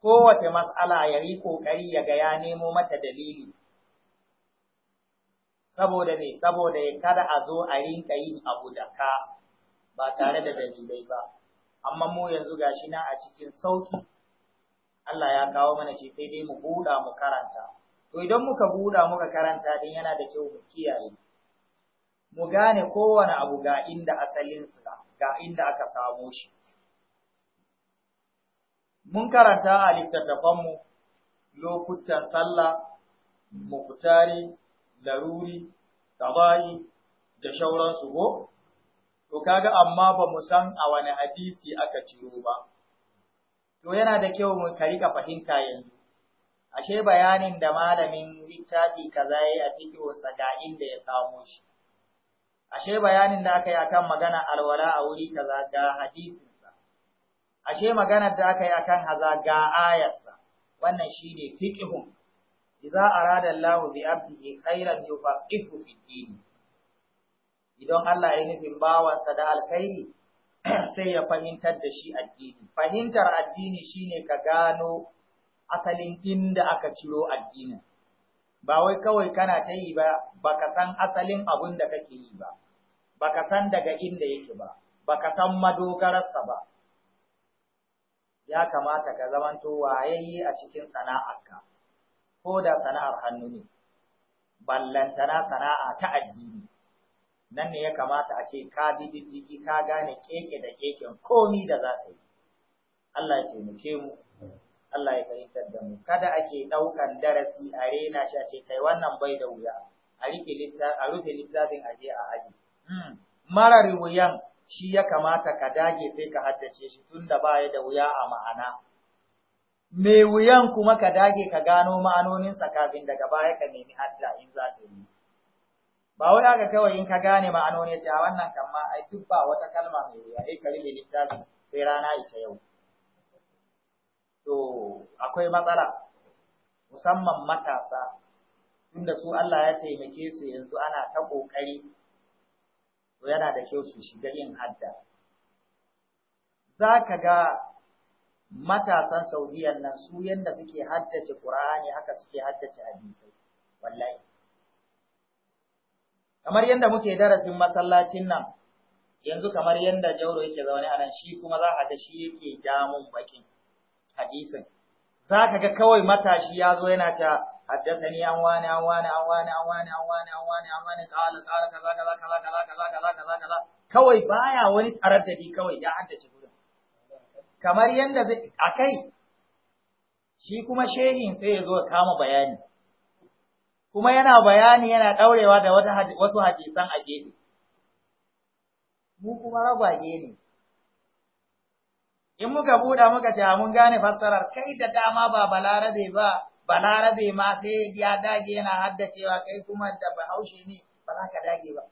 kowace matsala ya yi ƙoƙari ya ga ya nemo mata dalili saboda ne saboda ya kada a zo a rinka yin abu da ka ba tare da dalilai ba amma mu yanzu gashi na a cikin sauki Allah ya kawo mana ce sai dai mu buɗa mu karanta To idan muka buɗa muka karanta din yana da kyau mu kiyaye. Mu gane kowane abu ga inda asalin asalinsa, ga inda aka samo shi. Mun karanta a littattafanmu lokutan sallah, mukutari, laruri, tabayi da su go? To kaga amma ba mu san a wani hadisi aka ciro ba. To yana da kyau mu ka fahimta yanzu. ashe bayanin da malamin littafi kaza yayi a fikihunsa ga inda ya samo shi ashe bayanin da aka yi akan magana alwala a wuri kaza ga hadisinsa ashe maganar da aka yi akan haza ga ayarsa wannan shine fiqhun idza arada Allah bi abdihi khairan yufaqihu fi din idan Allah ya nufin bawansa da alkhairi sai ya fahimtar da shi addini fahimtar addini shine ka gano asalin inda aka ciro addinin. Ba wai kawai kana ta yi ba, baka san asalin abun da kake yi ba, baka san daga inda yake ba, baka san madogararsa ba. Ya kamata ka zamanto wayayye a cikin sana'arka, ko da sana'ar hannu ne, ballantana sana'a ta addini. Nan ne ya kamata a ce ka bi diddigi ka gane keke da keken komi da za ka yi. Allah ya taimake mu. Allah ya fahimtar da mu kada ake ɗaukan darasi a rena shi a ce kai wannan bai da wuya a rufe littafin a je a aji hmm. marar wuyan shi ya kamata ka dage sai ka haddace shi tunda ya da wuya a ma'ana Me wuyan kuma ka dage ka gano ma'anoninsa kafin daga baya ka nemi hadda in za ta yi ba wai aka kawai in ka gane ma'anoni ce a wannan kan ai duk ba wata kalma mai wuya ai ka rike littafin sai rana ita yau to akwai matsala musamman matasa tunda su Allah ya taimake su yanzu ana ta kokari to yana da kyau su shiga yin hadda zaka ga matasan Saudiyan nan su yanda suke haddace Qur'ani haka suke haddace hadisi wallahi kamar yanda muke darasin masallacin nan yanzu kamar yanda Jauro yake zaune a nan shi kuma za a ga shi yake jamun bakin hadisin za ka ga kawai matashi ya zo yana ta haddasani an wani an wani an wani an wani an wani an wani an wani kala kala kaza kaza kaza kaza kaza kaza kaza kaza kawai baya wani ni kawai ya haddace gurin kamar yanda zai akai shi kuma shehin sai ya zo kama bayani kuma yana bayani yana daurewa da wata wasu hadisan a gefe mu kuma ragwage ne in muka buɗa muka ce mun gane fassarar kai da dama ba balarabe ba balarabe ma sai ya dage yana haddacewa kai kuma da bahaushe ne ba za ka dage ba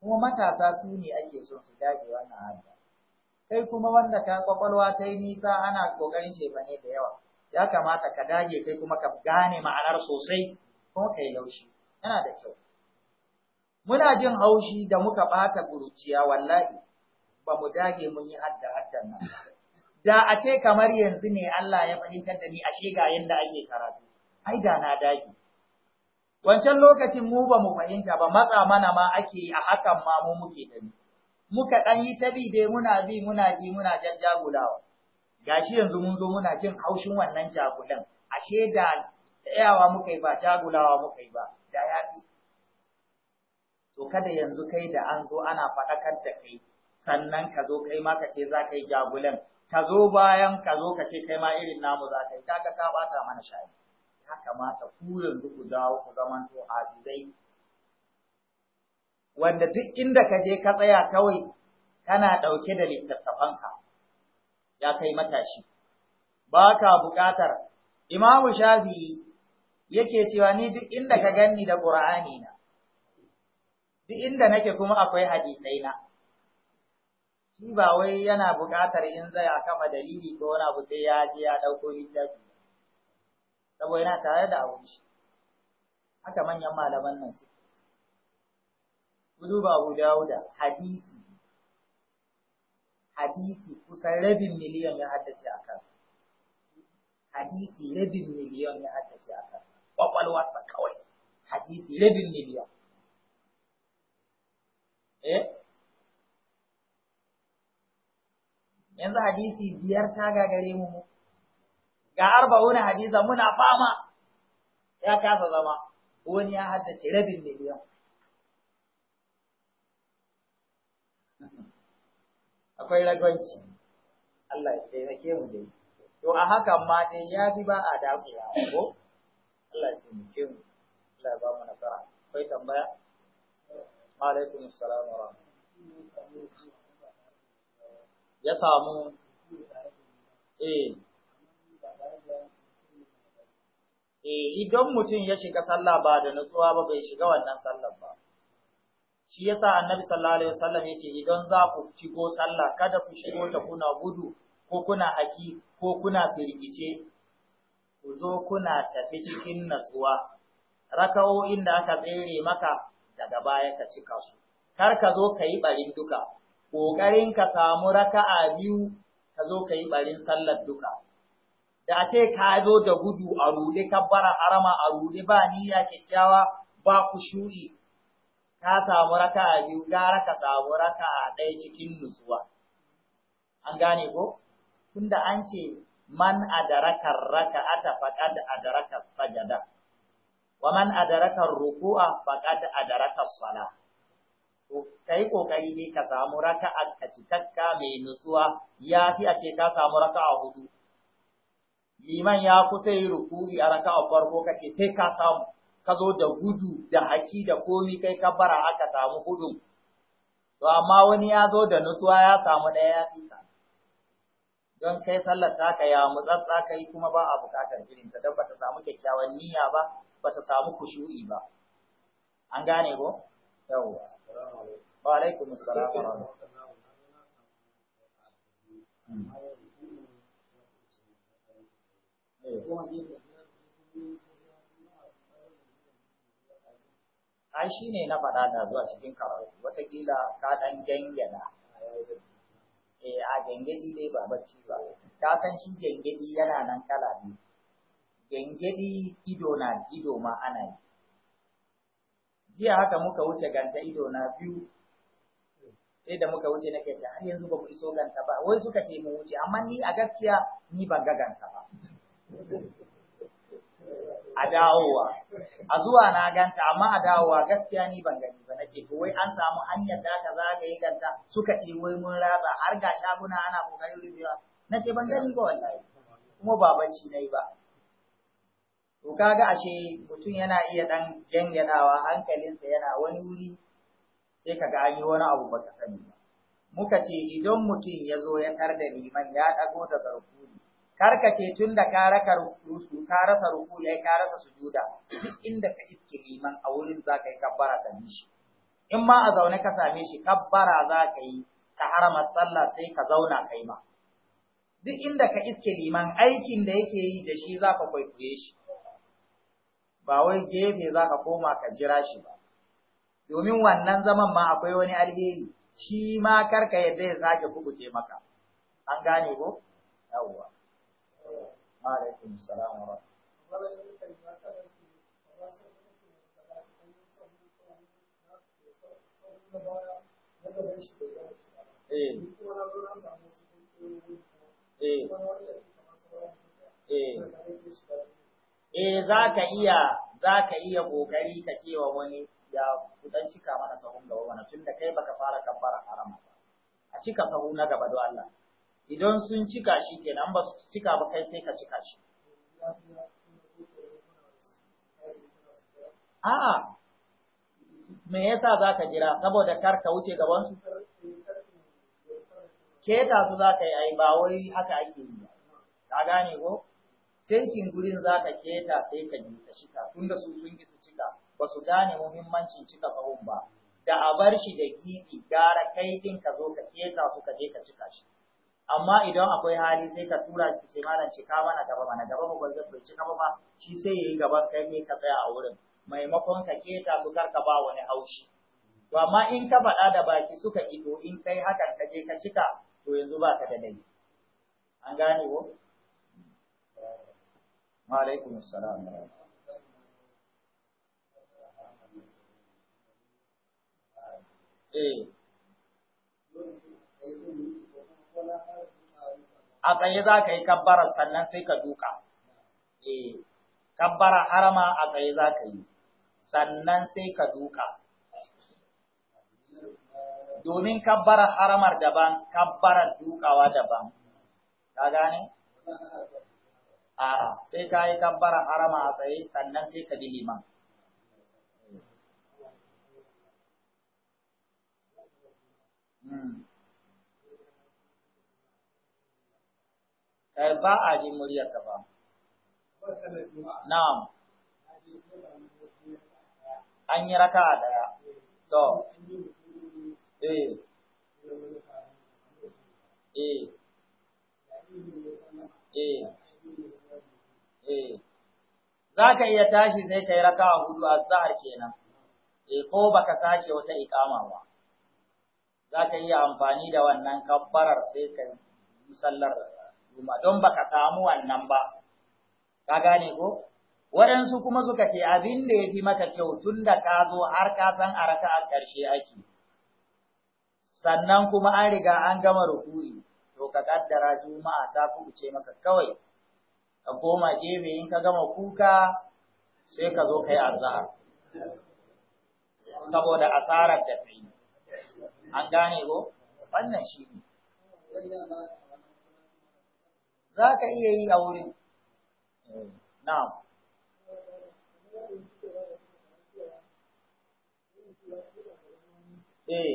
kuma matasa su ne ake son su dage wannan hadda kai kuma wanda ka kwakwalwa ta yi nisa ana kokarin shefane da yawa ya kamata ka dage kai kuma ka gane ma'anar sosai kuma kai laushi yana da kyau muna jin haushi da muka bata guruciya wallahi ba mu dage mun yi hadda haddan nan da a ce kamar yanzu ne Allah ya fahimtar da ni ashe ga yanda ake karatu ai da na dage wancan lokacin mu ba mu fahimta ba matsa mana ma ake a hakan ma mu muke tabi muka dan yi tabi dai muna bi muna ji muna jajjagulawa gashi yanzu mun zo muna jin haushin wannan jagulan ashe da tsayawa muka yi ba jagulawa muka yi ba da yafi to kada yanzu kai da an zo ana faɗakar da kai sannan ka zo kai ma ka ce za ka yi jagulan ka zo bayan ka zo ka ce kai ma irin namu za ka yi kaga ka bata mana shayi ya kamata ku yanzu ku dawo ku to hafizai wanda duk inda ka je ka tsaya kawai kana ɗauke da littattafanka ya kai matashi ba ka buƙatar imamu shafi'i yake cewa ni duk inda ka ganni da ƙur'ani na duk inda nake kuma akwai hadisai na shi ba wai yana buƙatar in zai a dalili ko wani abu sai ya je ya ɗauko littafi saboda yana tare da abun shi haka manyan malaman nan su duba Abu Dawuda hadisi hadisi kusan rabin miliyan ya haddace a kansa hadisi rabin miliyan ya haddace a kansa kwakwalwarsa kawai hadisi rabin miliyan eh yanzu hadisi biyar ta gagare mu ga arba'una hadisa muna fama ya kasa zama wani ya haddace rabin miliyan akwai ragwanci Allah ya taimake mu dai to a hakan ma dai ya fi ba a dakuwa ko Allah ya taimake mu Allah ya ba mu nasara akwai tambaya alaikum assalam wa rahmatullahi ya samu eh, eh idan mutum ya shiga sallah ba da nutsuwa ba bai shiga wannan sallah ba shi yasa annabi sallallahu alaihi wasallam yace idan za ku shigo sallah kada ku shigo ta kuna gudu ko kuna haki ko kuna firgice ku zo kuna tafi cikin natsuwa raka'o'in da aka tsere maka daga baya ka cika su kar ka zo ka yi barin duka ƙoƙarin ka samu raka'a biyu ka zo ka yi ɓarin sallar duka. Da a ce ka zo da gudu a ruɗe kabbara harama a ruɗe ba niyya kyakkyawa ba ku shuɗi. ka samu raka'a biyu gara ka samu raka'a ɗaya cikin nutsuwa. An gane ko? Tunda an ce man adarakar raka'ata faqad adaraka sajada wa man adarakar ruku'a faqad adaraka salah to kai kokari ne ka samu raka'a ka cikakka mai nutsuwa ya fi a ce ka samu raka'a hudu liman ya kusa yi ruku'i a raka'a farko kace sai ka samu ka zo da gudu da haki da komi kai ka bara aka samu hudun to amma wani ya zo da nutsuwa ya samu ɗaya ya fi don kai sallar taka ya mutsatsa kai kuma ba a buƙatar irin ta don bata samu kyakkyawan niyya ba bata samu kushu'i ba an gane ko yawwa Wa alaikum assalam wa rahmatullah. Ai shi ne na faɗa da zuwa cikin karatu, watakila ka ɗan gangana. Eh a gangadi dai ba bacci ba, ka san shi gangadi yana nan kala ne. Gangadi ido na ido ma ana yi. jiya haka muka wuce ganta ido na biyu sai da muka wuce nake ce har yanzu ba mu iso ganta ba wai suka ce mu wuce amma ni a gaskiya ni ban ga ganta ba a dawowa a zuwa na ganta amma a dawowa gaskiya ni ban gani ba nace ko wai an samu hanyar da aka zagaye ganta suka ce wai mun raba har ga shaguna ana kokarin rubewa nace ban gani ba wallahi kuma ba bacci nayi ba To kaga ashe mutum yana iya dan gangadawa hankalinsa yana wani wuri sai kaga an yi wani abu baka sani ba. Muka ce idan mutum ya zo ya kar da liman ya ɗago daga rukuni, kar ka ce tun da ka raka rusu ka rasa ruku ya ka rasa sujuda duk inda ka iske liman a wurin za ka yi kabbara ka bi shi. In ma a zaune ka same shi kabbara za ka yi ta harama sallah sai ka zauna kai ma. Duk inda ka iske liman aikin da yake yi da shi za ka kwaikwaye shi. ba wai gefe za ka koma ka jira shi ba domin wannan zaman ma akwai wani alheri shi ma karka yadda ya sake kubuce maka an gane ko yawwa Eh. Eh. Eh. eh za ka iya za ka iya kokari ka ce wa wani ya kudan cika mana sahun gaba mana tun kai baka fara kabbara harama a cika sahu na gaba don Allah idan sun cika shi kenan ba su cika ba kai sai ka cika shi a'a me yasa za ka jira saboda kar ka wuce gaban su keta su za ka yi ai ba wai haka ake yi ka gane ko sekin gurin za ka keta sai ka ji ka shika tunda su sun isa cika ba su gane muhimmancin cika sahun ba da a bar shi da gidi gara kai din ka zo ka keta su ka je ka cika shi amma idan akwai hali sai ka tura shi ce malam mana gaba mana gaba ba zai bai cika ba shi sai yayi gaban kai ne ka tsaya a wurin maimakon ka keta su kar ka ba wani haushi to amma in ka faɗa da baki suka ido in kai hakan ka je ka cika to yanzu ba ka da dai. an gane ko Wa السلام eh. A tsaye za ka yi kabbara sannan sai ka duka. e kabbara harama a tsaye za ka yi, sannan sai ka duka. domin kabbara haramar daban, kabbara dukawa daban. Ka gane? a'a sai ka yi kabbara harama a tsaye sannan sai ka bi liman kai hmm. eh, ba a ji muryar muryarka ba na'am an yi raka a ɗaya. to eh eh eh Eh. Za ka iya tashi sai ka yi raka a hudu a zahar kenan, e ko baka sake wata ikama ba. Za ka iya amfani da wannan kabbarar sai ka musallar juma don baka samu wannan ba. Ka gane ko? Waɗansu kuma suka ce abin da ya fi maka kyau tun da ka zo har ka san a raka a ƙarshe ake. Sannan kuma an riga an gama ruku'i, to ka kaddara juma'a ta kuɓuce maka kawai. ka koma gefe in ka gama kuka sai ka zo kai azhar saboda asarar da kai an gane ko wannan shi ne za ka iya yi a wurin na'am eh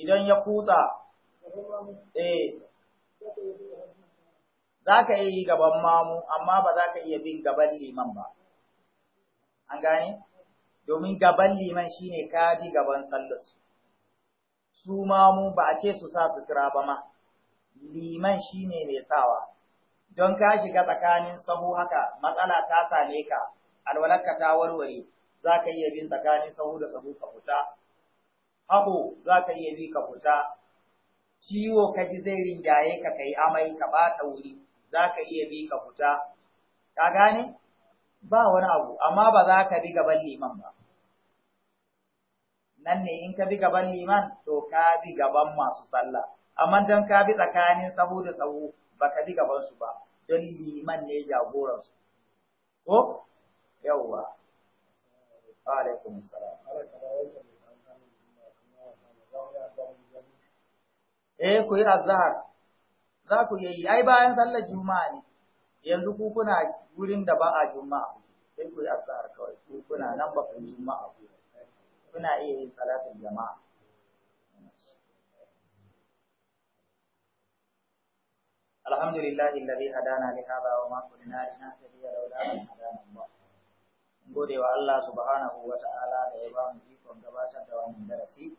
idan ya kutsa eh za ka yi gaban mamu amma ba za ka iya bin gaban liman ba an gane domin gaban liman shine ka bi gaban sallas su mamu ba a ce su sa sutura ba ma liman shine mai sawa don ka shiga tsakanin sahu haka matsala ta same ka alwalarka ta warware za ka iya bin tsakanin sahu da sahu ka fita Hako, za ka iya bi ka fita ciwo ka ji zai rinjaye ka kai amai ka bata wuri za ka iya bi ka fita ka gane ba wani abu amma ba za ka bi gaban liman ba nan ne in ka bi gaban liman to ka bi gaban masu sallah amma don ka bi tsakanin sahu da sahu ba ka bi gabansu ba don liman ne jagoransu ko yawwa alaikum eh ku yi azahar. za ku yi ai bayan sallar juma'a ne yanzu ku kuna wurin da ba a juma'a sai ku yi azhar kawai ku kuna nan ba ku juma'a ku kuna iya yin salatin jama'a الحمد لله الذي هدانا لهذا وما كنا لنهتدي لولا ان هدانا الله gode wa Allah وتعالى wa ta'ala da ya ba mu ikon gabatar da wannan darasi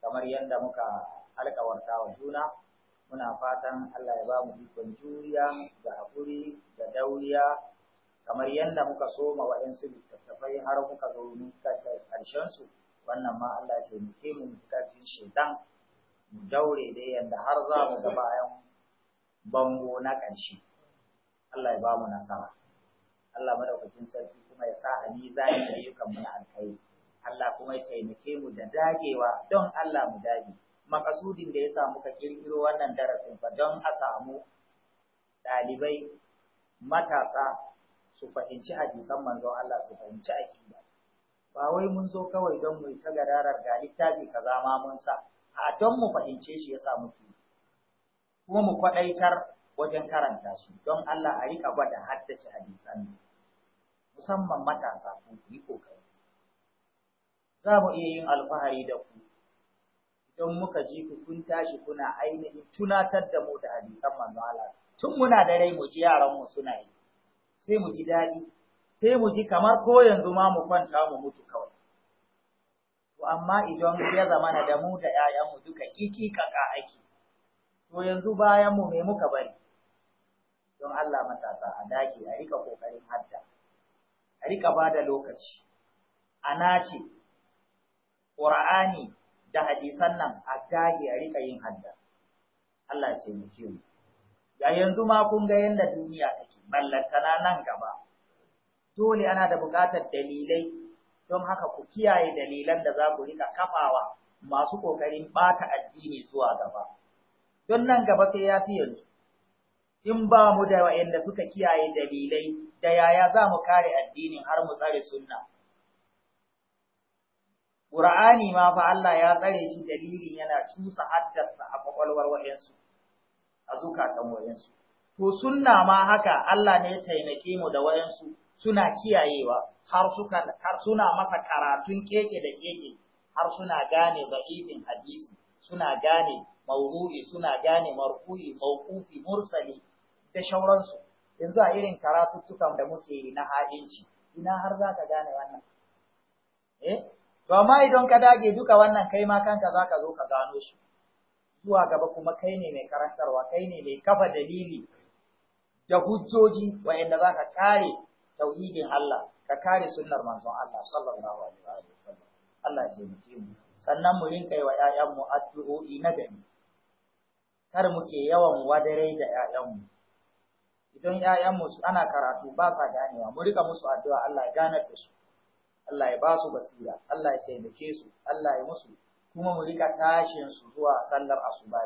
kamar yadda muka alƙawarta wa juna muna fatan Allah ya ba mu ikon juriya da haƙuri da dauriya kamar yadda muka soma waɗansu littattafai har muka zo karshen su wannan ma Allah ya taimake mu karfin shaidan mu daure da yadda har za mu ga bayan bango na ƙarshe Allah ya ba mu nasara Allah madaukakin sarki kuma ya sa a mizanin ayyukan mu na Allah kuma ya taimake mu da dagewa don Allah mu dage makasudin da ya samu ka kirkiro wannan darasin ba don a samu ɗalibai matasa su fahimci hadisan manzon Allah su fahimci aqida ba wai mun zo kawai don mu ta gararar ga littafi kaza ma mun sa a don mu fahimce shi ya samu ki kuma mu kwadaitar wajen karanta shi don Allah a rika gwada haddace hadisan musamman matasa ku yi kokari za mu iya yin alfahari da ku in muka ji ku kun tashi kuna ainihin tunatar da mu da hadisan manzo Allah tun muna da rai mu ji yaran mu suna yi sai mu ji daɗi sai mu ji kamar ko yanzu ma mu kwanta mu mutu kawai to amma idan ya zamana da mu da mu duka kiki kaka aiki to yanzu bayan mu me muka bari don Allah matasa a dage a rika kokarin hadda a rika bada lokaci a nace Qur'ani da hadisan nan a dage a rika yin hadda Allah ya taimake mu ya yanzu ma kun ga yanda duniya take ballantana nan gaba dole ana da buƙatar dalilai don haka ku kiyaye dalilan da za ku rika kafawa masu ƙoƙarin ɓata addini zuwa gaba don nan gaba sai ya fi yanzu in ba mu da waɗanda suka kiyaye dalilai da yaya za mu kare addinin har mu tsare sunna Qur'ani ma fa Allah ya tsare shi dalilin yana cusa haddarsa a kwakwalwar wayansu a zukatan wayansu to sunna ma haka Allah ne ya taimake mu da wayansu suna kiyayewa har suka har suna masa karatun keke da keke har suna gane za'ifin hadisi suna gane mawdu'i suna gane marfu'i mawqufi mursali da shauransu yanzu a irin karatuttukan da muke na ha'inci ina har za gane wannan eh To amma idan ka dage duka wannan kai ma kanka za ka zo ka gano su. Zuwa gaba kuma kai ne mai karantarwa, kai ne mai kafa dalili da hujjoji wa'inda za ka kare tauhidin Allah, ka kare sunnar manzon Allah sallallahu alaihi wa sallam. Allah ya jimi mu. Sannan mu rinka yi wa ‘ya'yanmu addu'o'i na gani. Kar muke yawan wadarai da ‘ya'yanmu. Idan ‘ya'yanmu ana karatu ba sa ganewa, mu rika musu addu'a Allah ya ganar da su. Allah ya ba su basira Allah ya taimake su Allah ya musu kuma mu rika tashin su zuwa sallar asuba.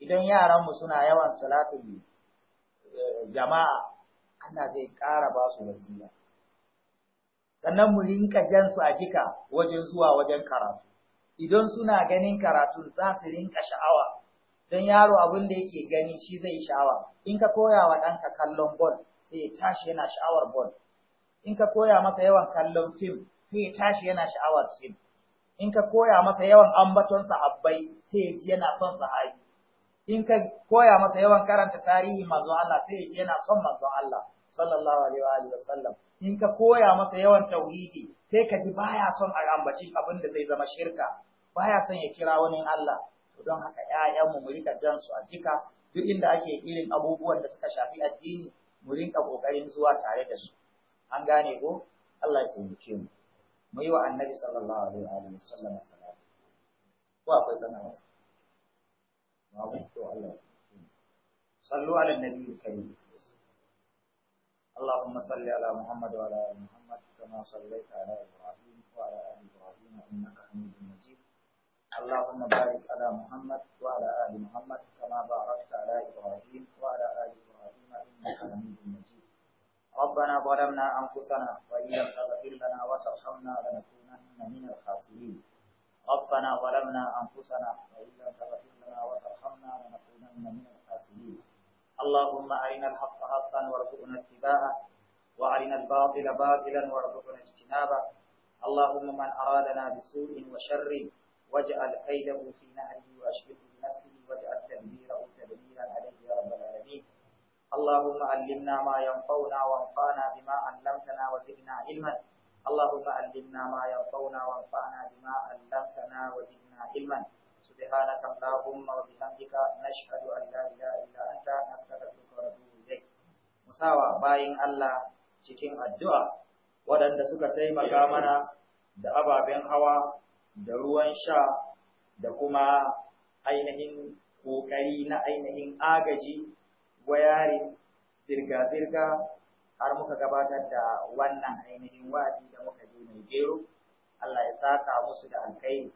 idan yaran mu suna yawan salatul eh, jama'a Allah zai ƙara ba su basira sannan mu rinka jan su a jika wajen zuwa wajen karatu idan suna ganin karatun za su rinka sha'awa don yaro abin da yake gani shi zai sha'awa in ka koya wa ɗanka kallon bol sai ya tashi yana sha'awar bol in ka koya masa yawan kallon fim sai ya tashi yana sha'awar fim in ka koya masa yawan ambaton sahabbai sai ya ji yana son sahabi in ka koya masa yawan karanta tarihi manzon Allah sai ya ji yana son manzon Allah sallallahu alaihi wa sallam in ka koya masa yawan tauhidi sai ka ji baya son a ambaci abin da zai zama shirka baya son ya kira wani Allah don haka ƴaƴanmu mu rika jan su a jika duk inda ake irin abubuwan da suka shafi addini mu rinka kokarin zuwa tare da su an gane ko Allah ya taimake mu mu yi wa annabi sallallahu alaihi wa alihi sallam salatu ko akwai sanawa ma ku to Allah sallu ala nabi karim Allahumma salli ala Muhammad wa ala Muhammad kama ala Ibrahim wa ala ali Ibrahim innaka Hamidum Majid Allahumma barik ala Muhammad wa ala ali Muhammad kama barakta ala Ibrahim wa ala ali Ibrahim innaka Hamidum Rabbana zalamna anfusana wa illam taghfir lana wa tarhamna lanakunanna minal khasirin. Rabbana zalamna anfusana wa illam taghfir lana wa tarhamna lanakunanna minal khasirin. Allahumma arinal haqqa haqqan warzuqna ittiba'ah wa arinal batila batilan warzuqna ijtinabah. Allahumma man aradana bisu'in wa sharrin waj'al kaydahu fi nahrihi wa ashbihi bi nafsihi waj'al tadbirahu اللهم علمنا ما ينفعنا وانفعنا بما علمتنا وزدنا علما اللهم علمنا ما ينفعنا وانفعنا بما علمتنا وزدنا علما سبحانك اللهم وبحمدك نشهد ان لا اله الا انت نستغفرك ونتوب اليك musawa bayin Allah cikin addu'a waɗanda suka taimaka mana da ababen hawa da ruwan sha da kuma ainihin ƙoƙari na ainihin agaji wayarin zirga-zirga har muka gabatar da wannan ainihin wa'azi da muka je mai gero Allah ya saka musu da alkai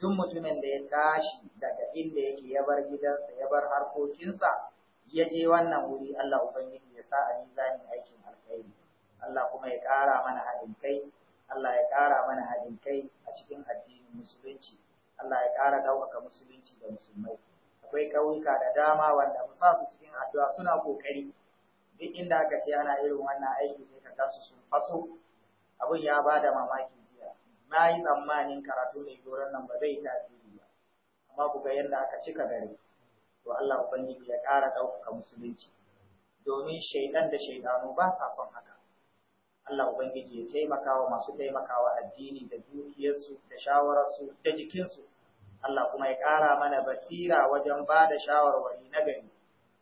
duk mutumin da ya tashi daga inda yake ya bar gidansa ya bar harkokinsa ya je wannan wuri Allah ubangiji ya sa a mizanin aikin alkhairi Allah kuma ya ƙara mana haɗin kai Allah ya ƙara mana haɗin kai a cikin addinin musulunci Allah ya ƙara ɗaukaka musulunci da musulmai akwai ƙauyuka da dama wanda mu sa su cikin addu'a suna kokari duk inda aka ce ana irin wannan aiki sai ka gansu sun faso Abun ya ba da mamaki jiya na yi tsammanin karatu mai doron nan ba zai tasiri ba amma ku ga yadda aka cika gari to Allah ubangiji ya ƙara ɗaukaka musulunci domin shaidan da shaidanu ba sa son haka Allah ubangiji ya taimakawa masu taimakawa addini da dukiyarsu da shawararsu da jikinsu Allah kuma ya ƙara mana basira wajen ba da shawarwari na gani.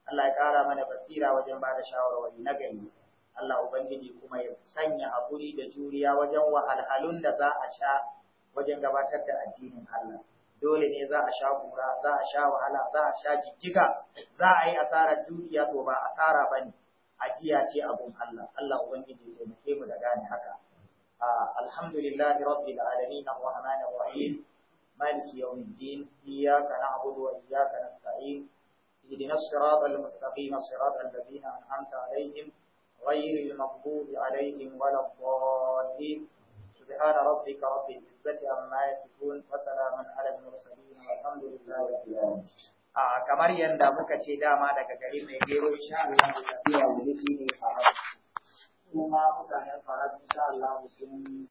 Allah ya ƙara mana basira wajen ba da shawarwari na gani. Allah Ubangiji kuma ya sanya haƙuri da juriya wajen wahalhalun da za a sha wajen gabatar da addinin Allah. Dole ne za a sha kura, za a sha wahala, za a sha jijjiga, za a yi asarar dukiya to ba asara ba ne. Ajiya ce abun Allah. Allah Ubangiji ya taimake mu da gane haka. Ah, Alhamdulillahi Rabbil Alamin, Rahmanir Rahim. مالك يوم الدين إياك نعبد وإياك نستعين اهدنا الصراط المستقيم صراط الذين أنعمت عليهم غير المغضوب عليهم ولا الضالين سبحان ربك رب العزة عما يصفون وسلام على المرسلين والحمد لله رب العالمين kamar yadda muka ce dama daga gari mai gero sha Allah da tafiya wuri ne a kuma mutanen farar sha Allah sun